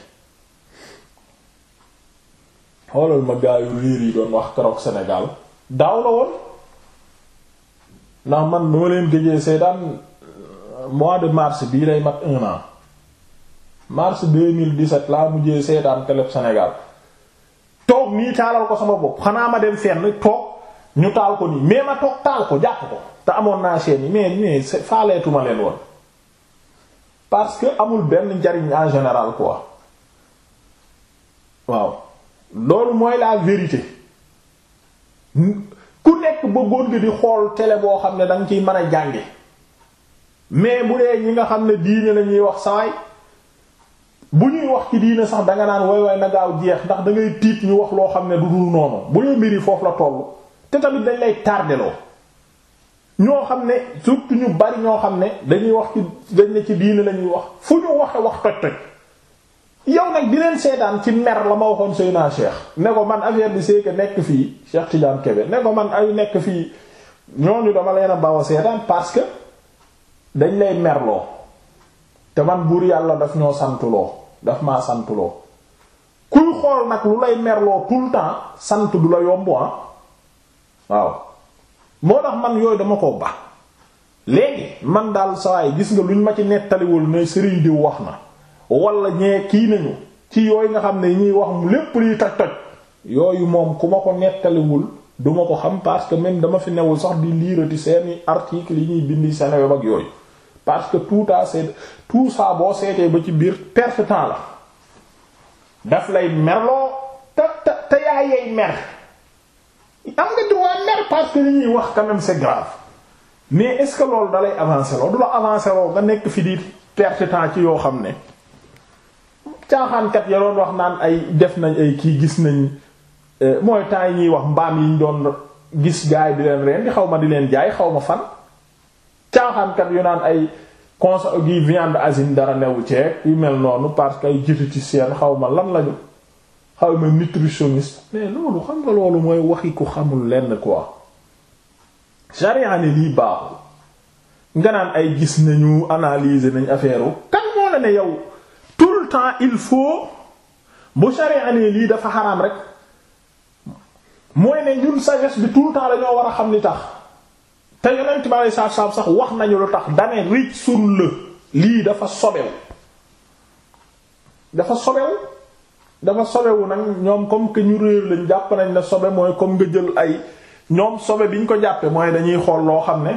xoolal ma gaayu liir yi doon wax keroog senegal daaw la woon ndax man bi ma leen géjee seetaan euh, mois de mars bii lay mat un an mars 2017 laa mujjee seetaan Télé Sénégal toog nii taalal ko sama bopp xanaa ma dem fenn toog ñu taal ko nii mais ma toog taal ko jàpp ko te amoon naa chaîne yi mais mais faaleetuma leen woon parce que amul benn njariñ en général quoi waaw loolu mooy la vérité ku nekk bëggoon nga di xool télé boo xam ne danga ciy mën a jànge mais bu dee ñi nga xam ne diine lañuy wax saay bu ñuy wax ci diine sax danga naan way way na gaaw jeex ndax da ngay tiit ñu wax loo xam ne du dul noonu bu dee mbir yi foofu la toll te tamit dañ lay tardeloo ñoo xam ne surtout ñu bari ñoo xam ne dañuy wax ci dañ ne ci diine la ñuy wax fu ñu waxe wax toj toj yow nag di leen seetaan ci mer la ma waxoon Seyna Cheikh ne ko man affaire bi c'est nekk fii Cheikh Tidiane Kébé ne ko man ay nekk fii ñooñu dama leen a baw a seedaan parce que dañ lay merloo. te man buur yàlla daf ñoo santuloo daf maa santuloo kuy xool nag lu lay merloo tout le temps sant du la yomb waa ah. waaw moo tax man yooyu dama ko ba léegi man daal sawaay gis nga luñ ma ci nettaliwul na sëriñ diw wax na wala ñee kii nañu ci yooyu nga xam ne ñuy wax lépp luy toj toj yooyu moom ku ma ko nettaliwul duma ko xam parce que même dama fi newul sax di liirati seeni article yi ñuy bindi Seneweb ak yooyu parce que tout à c'est tout ça boo seetee ba ci biir perte temps la daf lay merloo te te te yaa yeey mer am nga droit mer parce que li ñuy wax quand même grave mais est-ce que loolu dalay avancer loo du la avancer loo nga nekk fi di perte temps ci yoo xam ne caaxaankat ya doon wax naan ay def nañ ay kii gis nañ eh, mooy temps yi ñuy wax mbaam yi ñu doon gis gaay di leen reen di xaw ma di leen jaay xaw ma fan caaxaankat yu naan ay consa gi viande asine dara newu ceeb yu mel noonu parce que ay diététicien xaw ma lan lañu xaw ma nutritionniste mais loolu xam nga loolu mooy waxi ku xamul lenn quoi sharia ne lii baaxul nga naan ay gis nañu analyser nañ affaire kan moo la ne yow tout le temps il faut bu sharia ne lii dafa xaraam rek mooy ne ñun sagesse bi tout temps dañoo war a xam li tax. te yonent bi alei saatu salam sax wax nañu lu tax dane rij sun la lii dafa sobewu dafa sobewu dafa sobewu nag ñoom comme que ñu réer lañ jàpp nañ ne sobe mooy comme nga jël ay ñoom sobe bi ñu ko jàppee mooy dañuy xool loo xam ne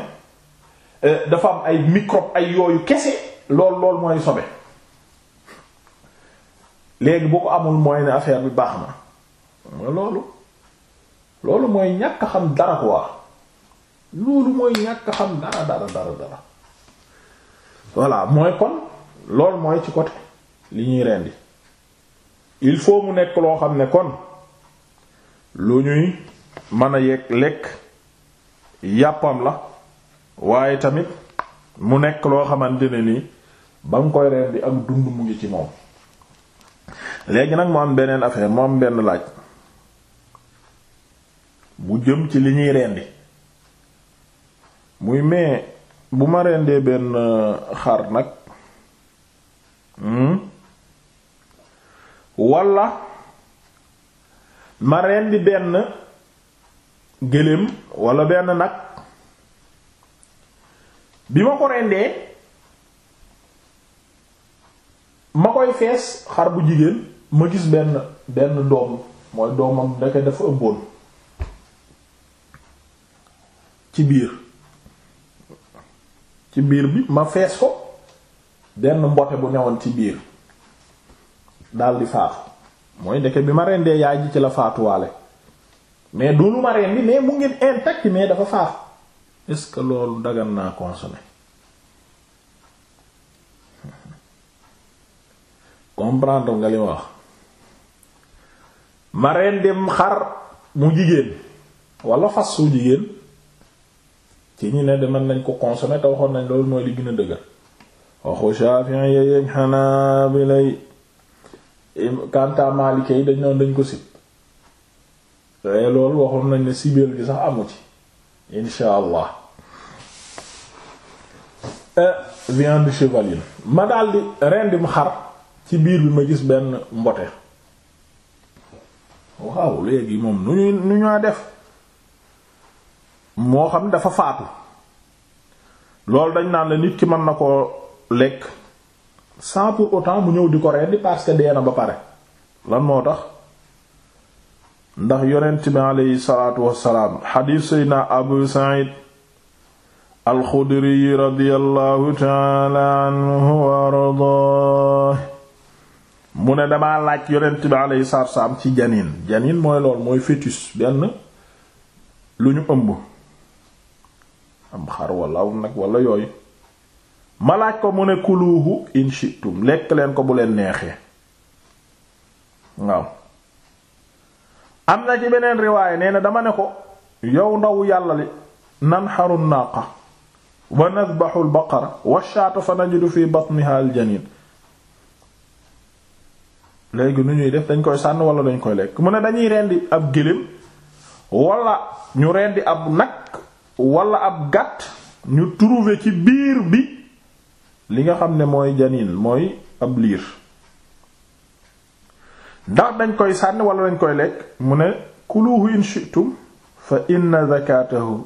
euh, dafa am ay microbe ay yooyu kese lool lool mooy sobe léegi bu ko amul mooy ne affaire bi baax na loolu loolu mooy ñàkk xam dara quoi loolu mooy ñàkk xam dara dara dara dara voilà mooy kon loolu mooy ci côté li ñuy rendi il faut mu nekk loo xam ne kon lu ñuy mën a yegg lekk yàppam la waaye tamit mu nekk loo xamante nii ba nga koy rendi ak dund mu ngi ci moom léegi nag mu am beneen affaire mu am benn laaj bu jëm ci li ñuy rendi muy mais bu ma rendee benn euh, xar nag hmm? walla ma rendi benn gëléem walla benn nag bi ma ko rendee ma koy fees xar bu jigéen ma gis benn benn doom mooy doomam ndeke dafa ëmboon ci biir ci biir bi ma fees ko benn mbote bu newoon ci biir daldi faatu mooy ndeke bi ma rendee yaay ji ci la faatuwaale mais du lu ma rendi mais mu ngeen intact mais dafa faatu est-ce que loolu dagan naa consommer comprendre nga li ma wax ma rendim xar mu jigéen walla fas su jigéen ci ñi ne de man nañ ko consommer te waxoon nañ loolu mooy li gën a dëgër waxu Shafi'i yeeg Hanabila kanta Maliki yi dañ noonu dañ ko sib te loolu waxoon nañ ne sibeel gi sax amu ci insha allah eh, viande chevaline ma daldi rendim xar ci biir bi ma gis benn mbote waaw léegi moom nu ñuy nu ñoo def moo xam dafa faatu loolu dañ naan la nit ki mën na koo lekk sans pour autant mu ñëw di ko rendi parce que dee na ba pare lan moo tax ndax yonent bi aleyhi salaatu wassalaam xadiis sayna abu sa'id alxudri radiyallahu taala anhu wa mu ne damaa laaj yonent bi aleyhi salaatu wassalaam ci janin janin mooy lool mooy fœtus benn lu ñu ëmb xar wala aw nag walla yooyu ma ko mu ne kuluuhu in shi'tum lekk leen ko bu leen neexee waaw am na ci beneen riwaay nee na dama ne ko yow ndaw yàlla li nanxaru naaqa wa nadbaxu albaqara wa shaata fa najidu fi batniha aljanin léegi nu ñuy def dañ koy sànn wala dañ koy lekk mu ne dañuy rendi ab gëléem wala ñu rendi ab nag wala ab gàtt ñu trouver ci biir bi li nga xam ne mooy janin mooy ab liir ndax dañ koy sànni wala dañ koy lekk mu ne kuluhu in fa inna zakatahu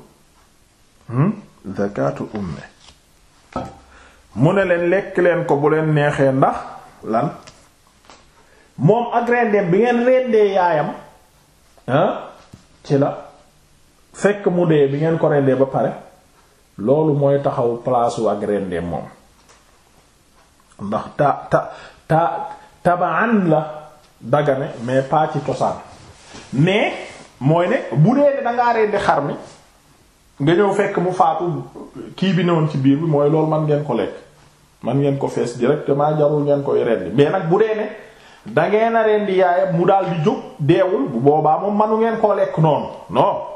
hmm, zakatu umme mu ne leen lekk leen ko bu leen neexee ndax lan moom ak rendee bi ngeen rendee yaayam ah, ci la fekk mu dee bi ngeen ko rendee ba pare loolu mooy taxaw place wu ak rendee moom ndax ta ta ta tabaan la dagane mais pas ci cosaan mais mooy ne bu dee da ngaa rendi xar mi nga ñëw fekk mu faatu kii bi newoon ci biir bi mooy loolu man ngeen ko lekk man ngeen ko fees directement jarul ngeen koy rendi mais nag bu dee ne da ngeen rendi yaayam mu daal di jóg deewul bu boobaa moom manu ngeen koo lekk noonu non.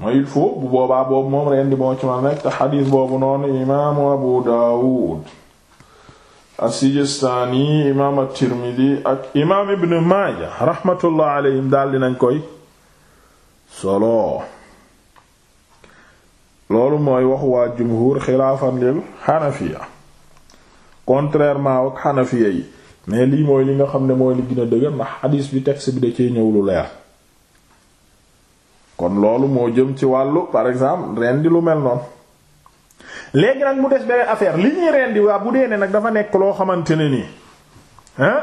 mooy il bu boobaa boobu moom rendi moo ci ma nekk te xadiis boobu noonu imaamu Abu Daawud as imaam at-Tirmidi ak imaam Ibn Maaja raxmatullah alayhim daal dinañ koy solo loolu mooy wax waa jumhur xilaafan xanafiya contrairement ak xanafiya yi mais lii mooy li nga xam ne mooy li gën dëgër ndax xadiis bi texte bi da cee ñëw lu leer kon loolu moo jëm ci wàllu par exemple rendi lu mel noonu léegi nag mu des beneen affaire li ñuy rendi waa bu dee ne nag dafa nekk loo xamante ne nii hein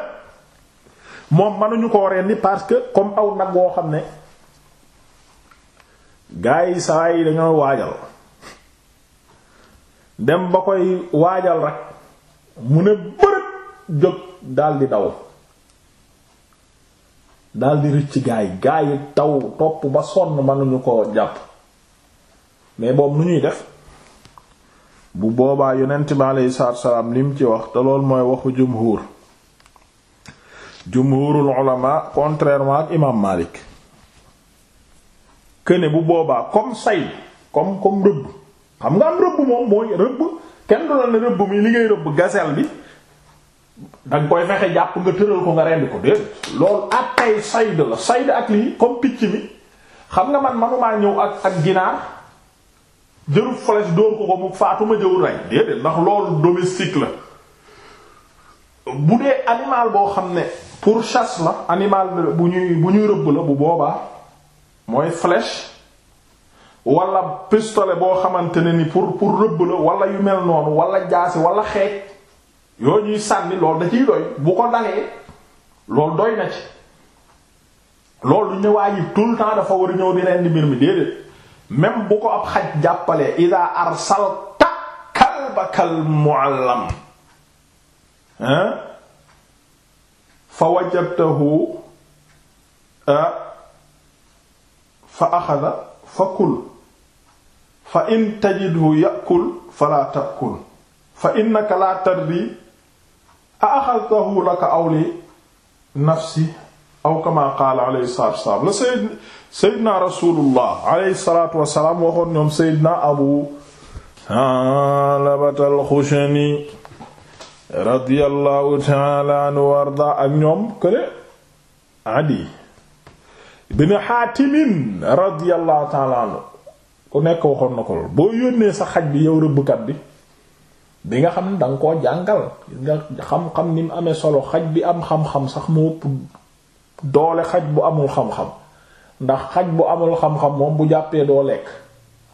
moom mënuñu koo rendi parce que comme aw nag woo xam ne gaa yi saa yi dañoo waajal dem ba koy waajal rek mu ne bërëb jóg daldi daw daal di rëcc gaa yi gaa taw topp ba sonn nañu ko jàpp mais boobu nu ñuy def bu boobaa yonent bi aleyhi salaatu salaam lim ci wax te lool mooy waxu jumhur jumhurul ulama contrairement ak imam Malik këne bu boobaa comme say comme comme rëbb xam nga am rëbb moom mooy rëbb kenn du la ne rëbb mi li rëbb gazelle bi danga koy fexe jàpp nga tëral ko nga rendi ko déedéet loolu ak tay sayd la sayd ak lii comme picc mi xam nga man manumaa ñëw ak ak ginaar jëru flèche dóor ko ko mu faatuma jëwul rey déedéet ndax loolu domestique la bu dee animal boo xam ne pour chasse la animal bu ñuy bu ñuy rëbb la bu boobaa mooy flèche wala pistolet boo xamante ne ni pour pour rëbb la wala yu mel noonu wala jaasi wala xeej yoo ñuy sànni loolu da ciy doy bu ko dalee loolu doy na ci loolu lu ñu waayi tout le dafa war ñëw di rendi mbir mi déedéet même bu ko ab xaj jàppalee ida arsalta kalbakal muallam hein fa wajabtahu ah, fa axada fa kul fa in tajidhu yakul fala takul fa innaka la tardi a axadtahu laka aw li nafsi aw kama qaala alayhi salaatu wasalaam la sayyid sayyidna rasulullah alayhi salaatu wasalaam waxoon ñoom sayyidna abu labata al-Xushani radiyallahu ta'ala anhu wa ardaa ak ñoom kële Adi bin Haatimin radiyallahu ta'ala anhu ku nekk waxoon na ko lool boo yónnee sa xaj bi yow rëbbkat bi bi nga xam ne danga koo jàngal nga xam-xam ni mu amee solo xaj bi am xam-xam sax mu ëpp doole xaj bu amul xam-xam ndax xaj bu amul xam-xam moom bu jàppee doo lekk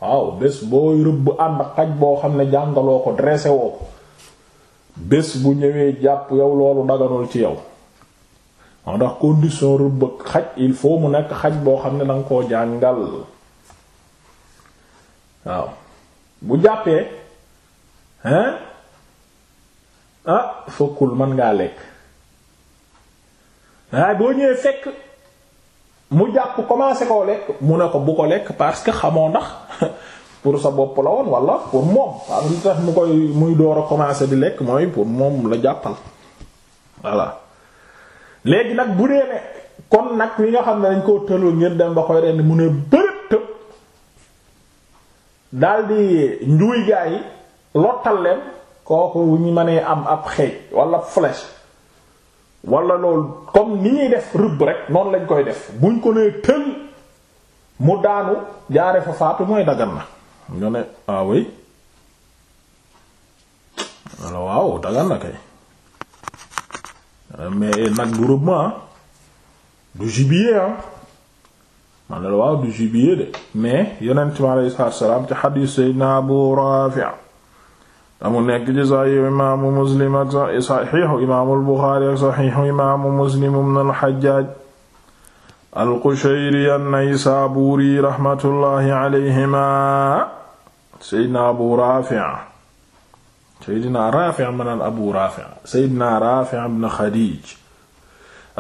waaw bés booy rëbb ànd xaj boo xam ne jàngaloo ko dressé woo ko bés bu ñëwee jàpp yow loolu daganul ci yow moo ndax condition rëbb xaj il faut mu nekk xaj boo xam ne danga koo jàngal waaw bu jàppee hein ah fokkul mën ngaa lekk waaye boo ñëwee fekk mu jàpp commencé koo lekk mu ne ko bu ko lekk parce que xamoo ndax pour sa bopp la woon wala pour moom parce que tax mu koy muy door a commencé di lekk mooy pour moom la jàppal voilà léegi nag bu dee kon nag li nga xam ne dañ koo tëloo ngeen dem ba koy rendi mu ne bërëb tëb daldi njuuy gaa yi lottal leen kooku wu ñu mënee am ab xeej wala flèche wala loolu comme ni ñuy def rëbb rek noonu lañ koy def buñ ko nee tël mu daanu jaare fa faatu mooy dagan na ñu ne ah oui alors na mais nag du rëbb ma du gibier ah man la waaw du gibier de mais yeneen mi alayhi salaam ci xadiis Seydina Abu Rafi' tamu nekk ci saxiixu imaamu muslim ak saxiixu imaamu albuxaari ak saxiixu imaamu muslim ibn alxajjaaj alqushayri an-naysaabuuri raxmatullaahi alayhima seydina abu raafi seydina raafi ma naan abu raafi seydina raafi ibn xadiij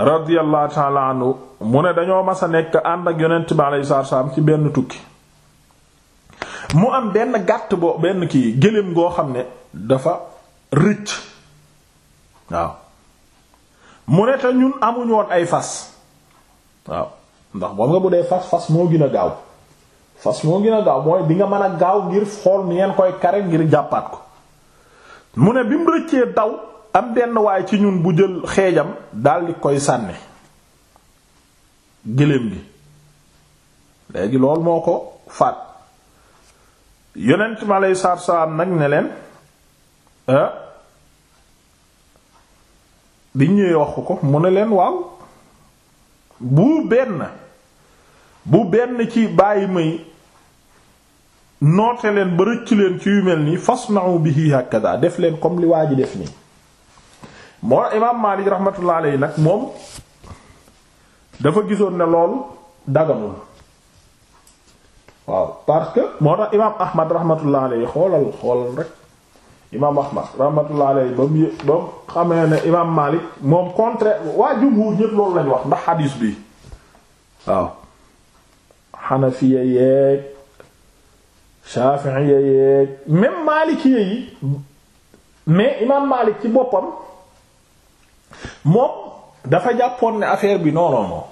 radiyallaahu taala anhu mu ne dañoo mas a nekk ànd ak yonent bi alayhi salaam ci benn tukki mu am benn gàtt boo benn kii gëléem goo xam ne dafa rëcc waaw mu ne te ñun amuñ woon ay fas waaw ndax moom nga bu dee fas fas moo gën a gaaw fas moo gën a gaaw mooy bi nga mën a gaaw ngir xool ni ngeen koy kare ngir jàppaat ko mu ne bi mu rëccee daw am benn waay ci ñun bu jël xeejam daldi koy sànni gëléem gi léegi loolu moo ko faat yonent mi aleyhi salaatu salaam nag ne leen bi ñëwee waxu ko mu ne leen waaw bu benn bu benn ci bàyyi may noote leen ba rëcc leen ci yu mel nii fasna'u bihi hakada def leen comme li waa ji def nii moo imaam Maalik rahmatullah aleyhi nag moom dafa gisoon ne loolu daganul waaw parce que moo tax imaam Ahmad rahmatullah alayhi xoolal xoolal rek imaam Ahmad rahmatullah alayhi ba mu ba mu xamee ne imaam Malik moom contraire waa jumhuur ñépp loolu lañ wax ndax xadiis bi waaw xanafiya yeeg shafi'iya yeeg même malikiya yi mais imaam Malik ci boppam moom dafa jàppoon ne affaire bi non non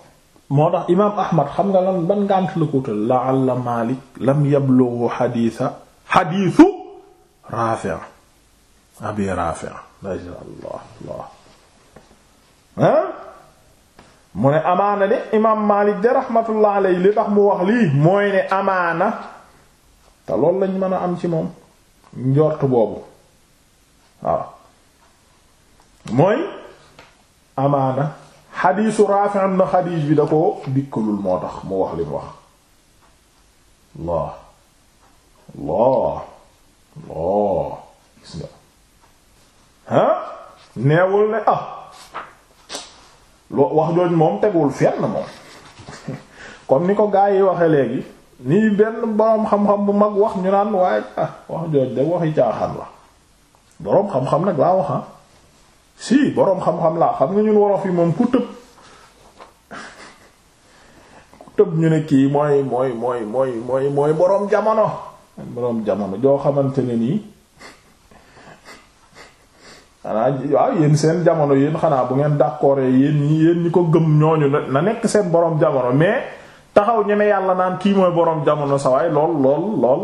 moo tax imaam Ahmad xam nga lan ban ngànt la ko utal la'alla Maalik lam yablughu xadiisa xadiisu Raafi' abi Raafi' Allah Allah mu ne amaana de imaam Maalik de rahmatullah li tax mu wax lii mooy ne amaana te loolu lañ mën a am ci moom njort boobu waaw mooy amaana xadiisu Raafi' na Xadiij bi da ko dikkalul moo tax mu wax li mu wax Allah Allah Allah gis nga neewul ne ah loo wax jooju moom tegul fenn moom comme ni ko gaa yi waxe léegi nii benn boroom xam-xam bu mag wax ñu naan waaye ah wax jooj de waxi caaxaan la boroom xam-xam nag laa wax ah. si boroom xam-xam laa xam nga ñun wolof yi moom ku tëb tëb ñu ne kii mooy mooy mooy mooy mooy mooy boroom jamono boroom jamono joo xamante ne nii xanaa waaw yéen seen jamono yéen xanaa bu ngeen d'accord yéen ñi ko gëm ñooñu na nekk seen boroom jamono mais taxaw ñeme yàlla naan kii mooy boroom jamono sawaay lool lool lool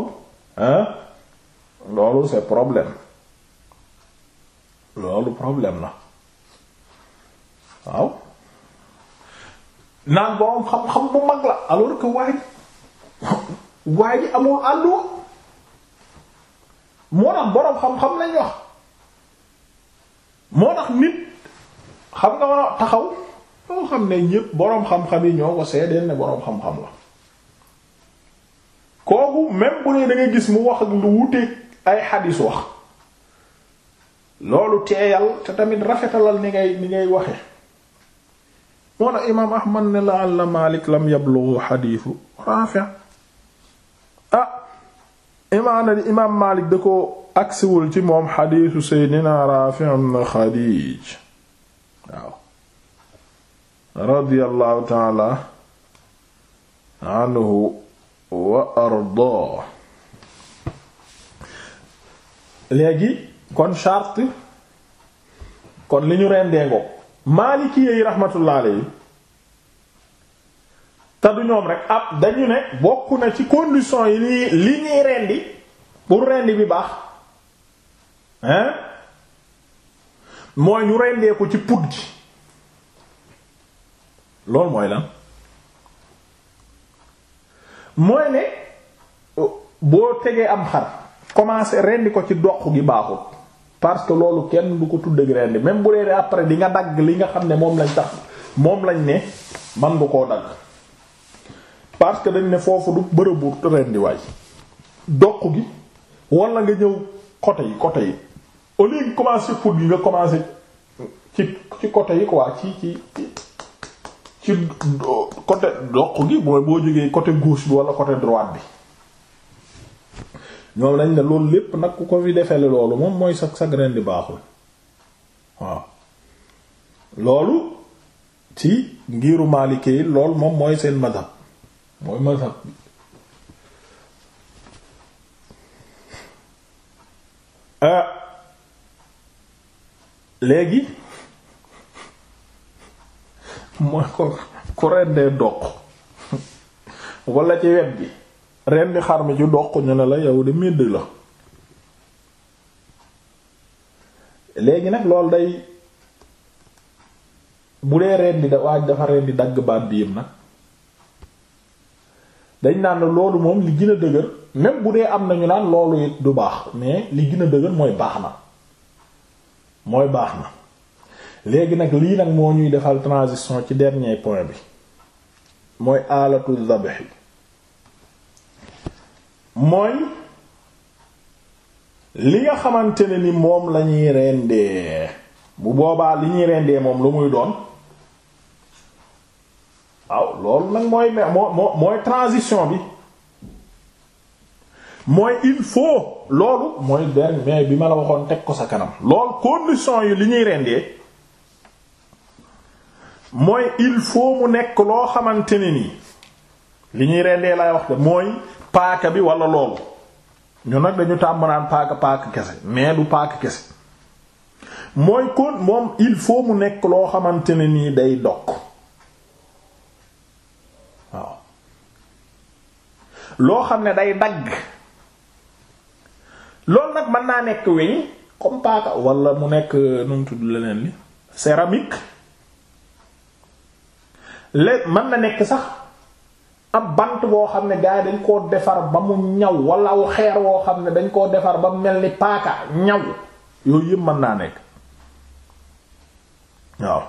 hein loolu c'est problème loolu problème la waaw naan borom xam-xam bu mag la alors que waa ji waa ji amoo àllu moo tax borom xam-xam lañ wax moo tax nit xam nga war taxaw moo xam ne ñépp boroom xam-xam yi ñoo ko seedeel ne borom xam-xam la kooku même bu ne da nga gis mu wax ak lu wuteeg ay xadis wax loolu teeyal te tamit rafetalal ni ngay ni ngay waxe moo tax ahmad ne la àlla malik lam yablughu xadiisu raafi ah imaana di imaam malik da ko agsiwul ci moom xadiisu seydina raafi ibn xadiij waaw radiyallahu taala anhu wa ardaa léegi kon charte kon li ñu rendee maaliki yi rahmatullah alayhi te du ñoom rek ab dañu ne bokk na ci condition yi li li ñuy rendi pour rendi bi baax hein mooy ñu rendee ko ci put gi loolu mooy lan mooy ne boo tegee am xar commencer rendi ko ci doq gi baaxul parce que loolu kenn du ko tudde rendi même bu dee après di nga dagg li nga xam ne moom lañ tax moom lañ ne man nga koo dagg parce que dañ ne foofu du bërëbu rendiwaay doq gi wala nga ñëw côté yi côté yi au lieu nga commencer pour gi nga commencer ci ci côté yi quoi ci ci ci côté doq gi mooy boo jógee côté gauche bi wala côté droite bi ñoom lañ ne loolu lépp nag ku ko fi defee loolu moom mooy sag sag rendi baaxul waaw loolu ci ngiiru maalikee yi moom mooy seen madhab mooy madhab bi ah. léegi mooy ko ku rendee doq walla ci wet gi rendi xar mi ju doq ñu ne la yow de medd la léegi nag loolu day bu dee rendi da waaj dafa rendi dagg baat bi nag dañ naan loolu moom li gën a dëgër même bu dee am nañu naan loolu it du baax mais li gën a dëgër mooy baax na mooy baax na léegi nag lii nag moo ñuy defal transition ci dernier point bi mooy alatu zabih mooy li nga xamante ne ni moom lañuy rendee bu boobaa li ñuy rendee moom lu muy doon waaw loolu nag mooy moo mooy transition bi mooy il faut loolu mooy benn mais bi ma la waxoon teg ko sa kanam lool condition yi li ñuy rendee mooy il faut mu nekk loo xamante ne ni li ñuy rendee lay wax de mooy paaka bi wala loolu ñu nag dañu tàmm naan paaka paaka kese mais du paaka kese mooy kon moom il faut mu nekk loo xamante ne nii day dokk waaw xam ne day dagg loolu nag mën naa nekk weñ comme paaka wala mu nekk nu tudd leneen li céramique le mën na nekk sax am bant boo xam ne gars yi dañ koo defar ba mu ñaw wala aw xeer woo xam ne dañ koo defar ba mu mel ni paaka ñaw yooyu yëpp mën naa nekk waaw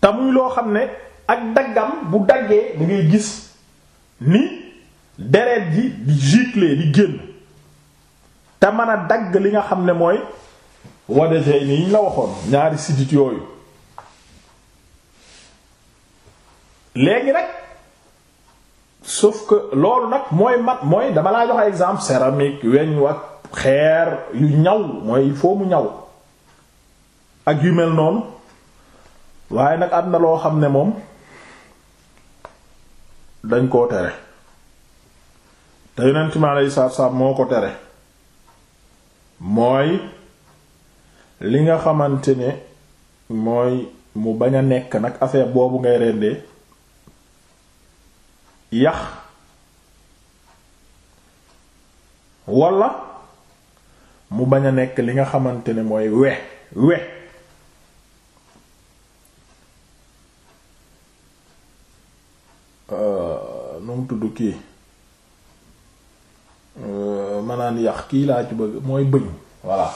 te loo xam ne ak daggam bu daggee da ngay gis ni deret gi di gicle di génn te mën a dagg li nga xam ne mooy wadajey ni yiñ la waxoon ñaari sidit yooyu léegi rek sauf que loolu nag mooy mat mooy dama laa jox exemple céramique weñ ak xeer yu ñaw mooy il faut mu ñaw ak yu mel noonu waaye nag am na loo xam ne moom dañ koo tere te yonent mi alayhi salaatu salaam moo ko tere mooy li nga xamante ne mooy mu bañ a nekk nag affaire boobu ngay rendee yax walla mu bañ a nekk li nga xamante ne mooy we we euh, nu tudd kii euh, manaan yax kii laa ci bëgg mooy bëñ voilà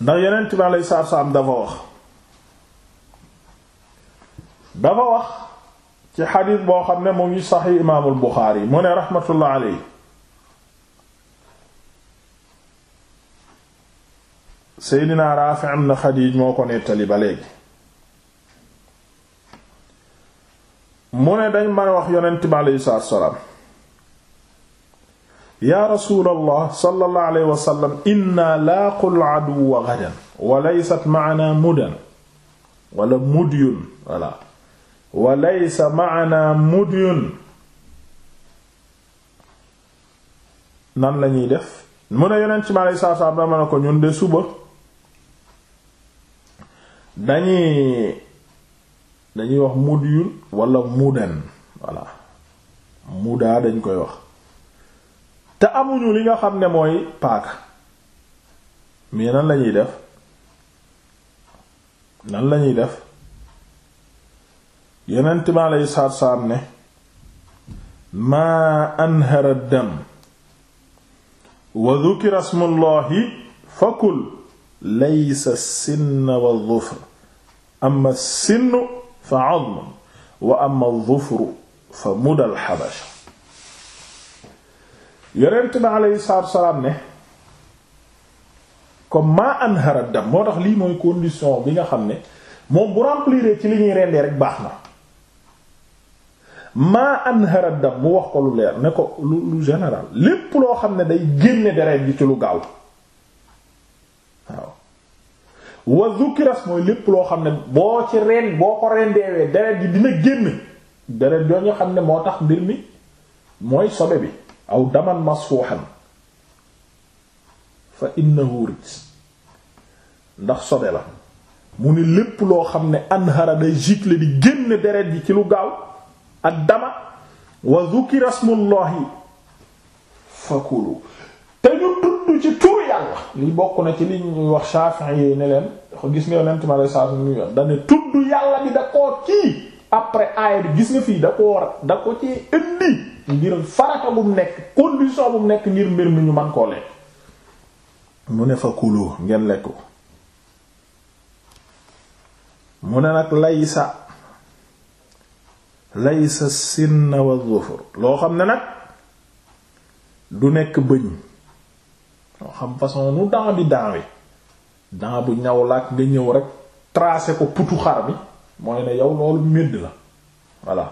ndax yeneen bi alei saatu salaam dafa wax dafa wax ci xadis boo xam ne mu ngi saxi imaamul Buxaari mu ne raxmatullah aleyhi Seydina Raafi ibn Xadiij moo ko nettali ba léegi mu ne dañ mën a wax yonent bi aleyhi salaatu wa salaam yaa rasuulallah sallallahu alayhi wa sallam inna laaqul aduwwa gadan wa laysat ma'anaa mudan wala mudyun wala wa laysa maana mudyun nan lañuy def mu ne yonent ci ma lay saa saa dama ne ko ñun de suba dañuy dañuy wax mudyun walla muden voilà mudaa dañ koy wax te amuñu li nga xam ne mooy paaka mais nan lañuy def nan lañuy def yonent mi aleyhi salaatu salaam ne maa anhara dam wa dhukira smullahi fakul laysa sinna wa dhufr amma sinnu fa lii mooy condition bi nga xam ne moom bu remplir ci li ñuy rendee rek baax na maa anhara dam mu wax ko lu leer ne ko lu général lépp loo xam ne day génne deret ji ci lu gaaw waaw wa zukiras mooy lépp loo xam ne boo ci ren boo ko rendeewee deret ji dina génn deret joo ñu xam ne moo tax mbir mi mooy sobe bi aw daman masfuhan fa innahu rijs ndax sobe la mu ne lépp loo xam ne anhara day gicle di génn deret yi ci lu gaaw ad-dama wa dhukira ismullahi te ñu tudd ci tur yàlla li bokk na ci li ñuy wax Shafi'i yi ne leen gis nga yonent ma da ne tudd yàlla bi da koo kii après aaya bi gis nga fii da koo da ko ci indi ngir farata bu mu nekk condition bu mu nekk ngir mbir mi ñu man koo lekk mu ne fa kuloo ngeen lekk ko mu ne nag laysa laysa sinna wa dhufur loo xam ne nag du nekk bëñ loo xam façon nu daan bi daan bu ñaw laak nga ñëw rekk tracé ko putu xar bi mooy ne yow loolu médd la voilà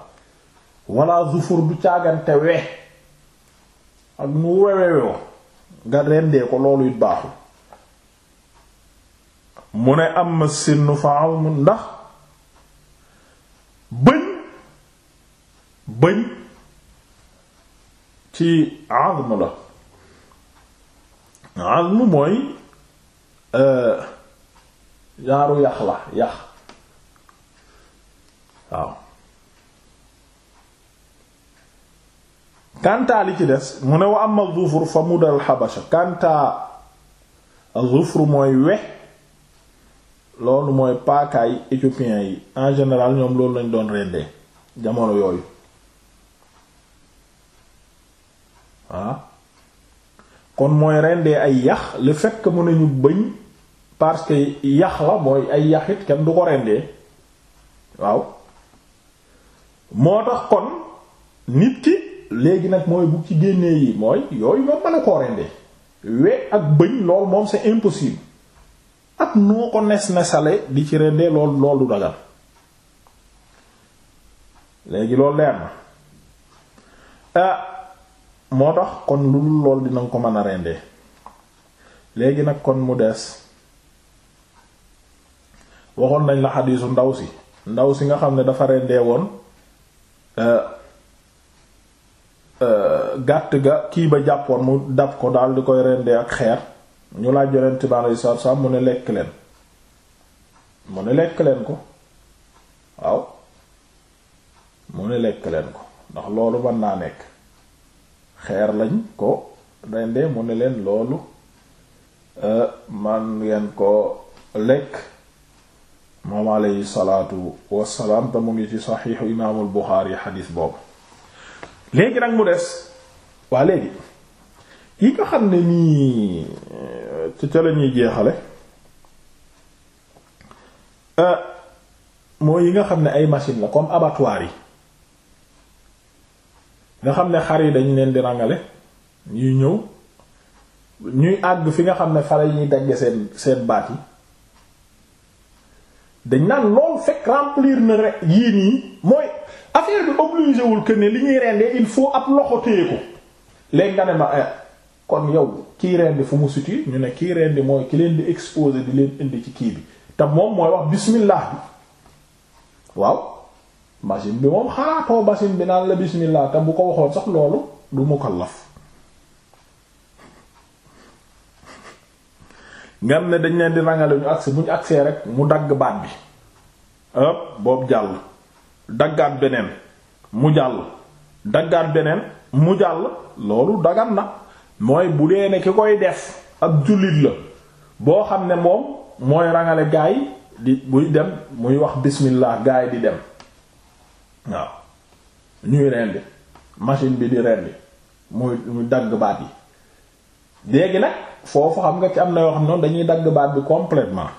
wala dhufur du caagante we ak nu wewewoo nga rendee ko loolu baaxul mu ne am sinnu fa am ndax bëñ bëñ ci azm la mooy euh, yaaru yax la yax waaw kantaa li ci des mu ne wa am a zufur fa mudal xabasha kantaa zufur mooy we loolu mooy paakaay éthiopiens yi en général ñoom loolu lañ doon rendee jamono yooyu ah kon mooy rendee ay yax le fait que nañu bëñ parce que yax la mooy ay yaxit kenn du ko rendee waaw moo tax kon nit ki léegi nag mooy bu ci génnee yi mooy yooyu moom mën a koo rendee we ak bëñ lool moom c'est impossible ak noo ko nes nesale di ci rendee lool lool du dagal léegi loolu leer na ah. moo tax kon lu dul lool dinañ ko mën a rendee léegi nag kon mu dees waxoon nañ la xadiisu ndaw si ndaw si nga xam ne dafa rendee woon euh, euh, gàtt ga kii ba jàppoon mu dab ko daal di koy rendee ak xeer ñu laaj yonent bi alayhi salaatu salaam mu ne lekk leen mu ne lekk leen ko waaw mu ne lekk leen ko ndax loolu mën naa nekk xeer lañ ko rendee mu ne leen loolu e, man ngeen ko lekk moom alayhi salaatu wassalaam te mu ngi ci saxiixu imaamul Buxaari xadiis boobu léegi nag mu des waa léegi yi nga xam ne nii ci ca lañuy jeexale e, mooy yi nga xam ne ay machine la comme abattoir yi nga xam ne xar yi dañ leen di rangale ñuy ñëw ñuy àgg fi nga xam ne fara ñuy dagge seen seen baat yi dañ naan lool fekk remplir na rek yii nii mooy affaire bi obligé wul que li ñuy rendee il faut ab loxo téye ko léegi nga ne ma eh, kon yow kii rendi fu mu suti ñu ne kii rendi mooy ki leen di exposer di leen indi ci kii bi te moom mooy wax bismillah bi waaw machine bi moom xalaatoo machine bi naan la bismillah te bu ko waxoon sax loolu du mukallaf ngam ne dañ leen di rangale ñu agsi bu ñu agsee rek mu dagg baat bi hop boobu jàll daggaat beneen mu jàll daggaat beneen mu jàll loolu dagan na mooy bu dee ne ki koy def ab jullit la boo xam ne moom mooy rangale gaay di buy dem muy wax bismillah gaay di dem waaw ñuy rendi machine bi di rendi muy muy dagg baat yi léegi nag foofu xam nga ci am na yoo xam noonu dañuy dagg baat bi completement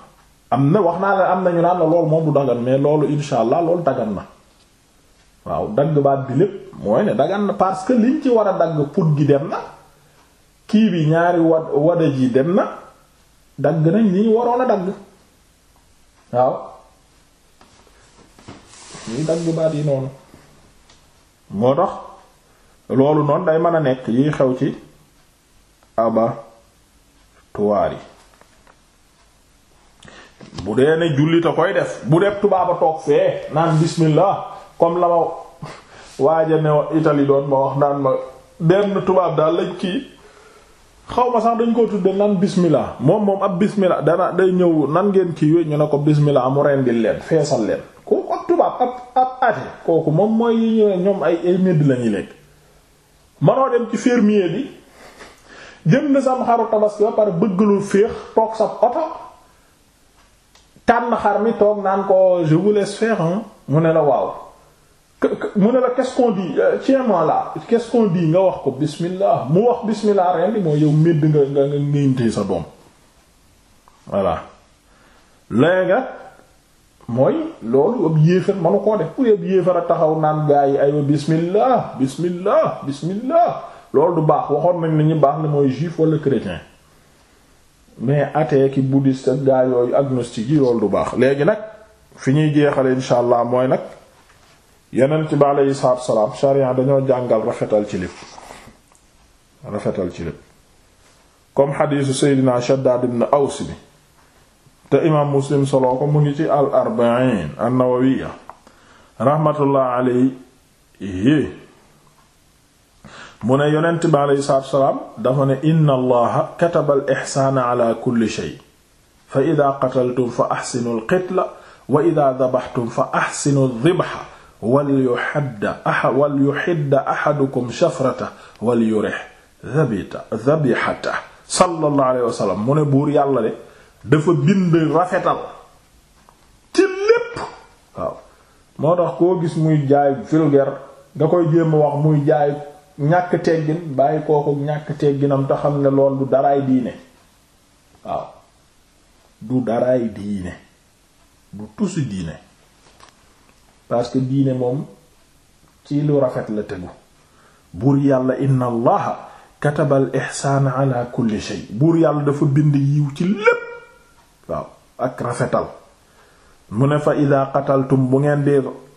am na wax naa ne am na ñu naan la loolu moom du dagan mais loolu insha allah loolu dagan na waaw dagg baat bi lépp mooy ne dagan na parce que liñ ci war a dagg put gi dem na kii bi ñaari wad wada ji dem na dagg nañ li ñu waroon a dagg waaw ñuy dagg baat yi noonu moo tax loolu noon day mën a nekk yi xew ci abattoir yi bu dee ne jullit a koy def bu tubaab a toog fee naan bismillah comme la ma waaja ne itali doon ma wax naan ma benn tubaab daal lañ kii xaw ma sax dañ koo tudd nan bismillah moom moom ab bismillah dana day ñëw nan ngeen kii we ñu ne ko bismillah amu rendil leen feesal leen tubaab ab ab ate kooku moom mooy yi ñoom ay ay medd lañuy lekk manoo dem ci fermier bi jënd sam xaru tabaski ba pare bëgg lu féex toog sa oto tànn xar mi toog naan ko je vous mu ne la waaw mu ne la qu'est-ce qu'on dit euh, tiens-moi nga wax ko bismillah mu wax bismillah ren di mooy yow medd nga nga nga ngéntee sa doom voilà léegi mooy loolu ab yéefar manu koo def bu ab yéefar a taxaw naan gaa yi aywa bismillah bismillah bismillah lool du baax waxoon nañ ni ñu baax la mooy juif wala chrétien mais athée ki bouddhiste ak gaa yooyu agnostique yi loolu du baax léegi nag fi ñuy jeexale insha allah mooy nag yeneen ci ba aleyhi salaatu salaam sharia dañoo jàngal rafetal ci lépp rafetal ci lépp comme xadiisu seydina Shaddaad ibn Aws bi te imaam muslim soloo ko mu ngi ci al arbain an-nawawiya rahmatullah alayhi mu ne yonent bi aleyhi salaatu wasalaam dafa ne inna allaha kataba al ixsaana ala kulli shay fa ida qataltum fa axsinu alqitla wa ida dabaxtum fa axsinu aldibxa wal yuxidda axadukum shafrata wal yurix zabita zabixata sallallahu alayhi wa sallam mu ne buur yàlla de dafa bind rafetal ci lépp waaw moo tax koo gis muy jaay filger nga koy jéem wax muy jaay ñàkk teggin bàyyi kooku ñàkk tegginam te xam ne lool du daraay diine waaw du daraay diine du tusi diine parce que diine moom ci lu rafet la tegu buur yàlla inna allaha katabal ihsaana ala kulli shay buur yàlla dafa bind yiw ci lépp waaw ak rafetal mu ne fa ida qataltum bu ngeen di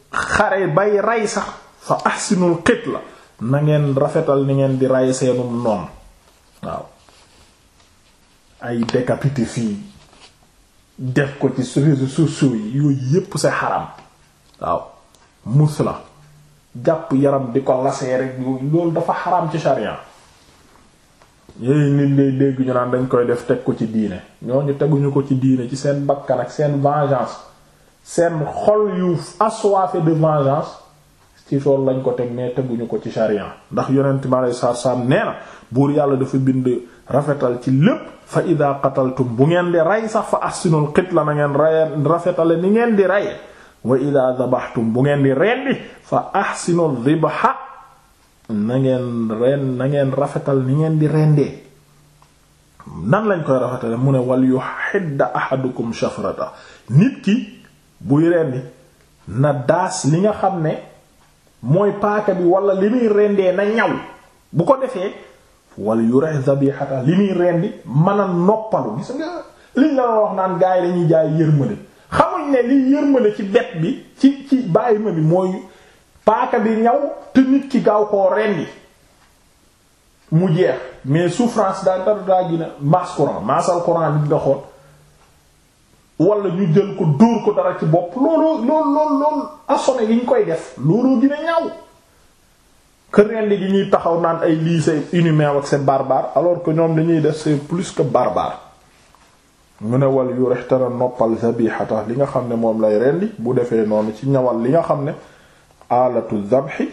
xare bay rey sax fa ahsinul qitla na ngeen rafetal ni ngeen di rey seenum noon waaw ay décapité fii def ko ci réseaux sociaux yooyu yépp sa xaram waaw mus la jàpp yaram di ko lasee rek loolu dafa xaram ci sharia ñooy nit ngay dégg ñu naan dañ koy def teg ko ci diine ñu teguñu ko ci diine ci seen bakkan ak seen vengeance seen xol yu assoiffé de vengeance ci tool lañ ko teg nee teguñu ko ci sharia ndax yonent mi aleyhi salaatu salaam nee na buur yàlla dafa bind rafetal ci lépp fa ida qataltum bu ngeen di rey sax fa ahsinul qitla na ngeen rey rafetale ni ngeen di rey wa ida dabaxtum bu ngeen di rendi fa ahsinul dibha nangeen ngeen ren na rafetal ni ngeen di rendee nan lañ koy rafetale mu ne wal yu xidda ahadukum shafrata nit ki buy rendi na daas li nga xam ne mooy paaka bi walla li muy rendee na ñaw bu ko defee wal yu rex zabihata li muy rendi mën a noppalu gis nga liñ la wax naan gaa yi dañuy jaay yërmale xamuñ ne li yërmale ci bet bi ci ci bàyyi ma bi mooy paaka bi ñaw te nit ki gaaw koo rendi mu jeex mais souffrance daa dara daa gën a maas courant maasal courant bi nga xool wala ñu jël ko dóor ko dara ci bopp loolu loolu loolu loolu assommé yi ñu koy def loolu dina ñaaw que rendi gi ñuy taxaw naan ay lii c'est inhumain ak c'est barbare alors que ñoom dañuy def c'est plus que barbare mu ne wal yu rex tara noppal zabihata li nga xam ne moom lay rendi bu defee noonu ci ñawal li nga xam ne alatu zabhi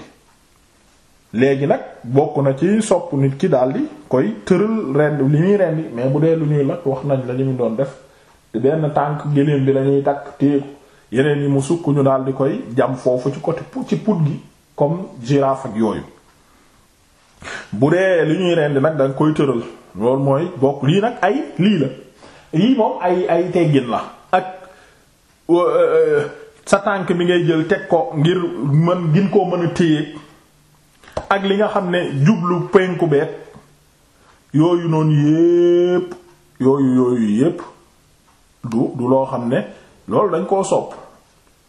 léegi nag bokk na ci sopp nit ki daldi koy tëral rend li ñuy rendi mais bu dee lu ñuy lakk wax nañ la ñu doon def benn tànk géléem bi lañuy takk téeku yeneen yi mu sukk ñu daldi koy jam foofu ci côté ci put gi comme girafe ak yooyu bu dee li ñuy rendi nag danga koy tëral loolu mooy bokk lii nag ay lii la lii moom ay ay teggin la ak euh, sa tànk bi ngay jël teg ko ngir mën gin koo mën a téye ak li nga xam ne jublu penku beet yooyu noonu yépp yooyu yooyu yépp du du loo xam ne loolu dañ koo sopp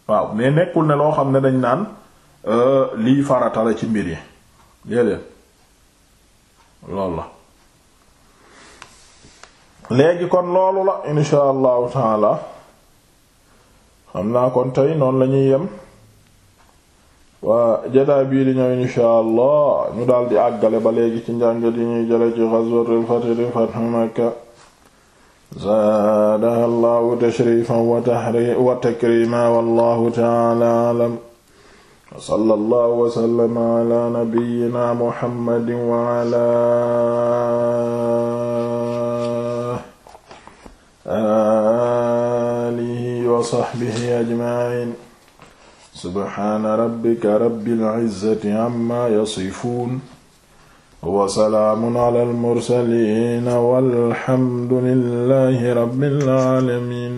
waaw mais nekkul ne loo xam ne dañ naan euh, lii farata la ci mbir yi déedéet loolu la léegi kon loolu la insha allahu taala xam naa kon tey noonu lañuy yem waa jataa bii di inshaa allah ñu daldi aggale ba léegi ci njàngat yi ñuy jële ci ghazwatul fath makka zaadaha allahu tashrifan wa takrima wallahu ta'ala a'lam wa sallallahu wa sallama ala nabiyyina muhammadin wa ala wa saxbihi ajmaciin subxaana rabbika rabbil izzati amma yasifuun wa salaamun alal mursaliin walhamdu lillahi rabbil aalamiin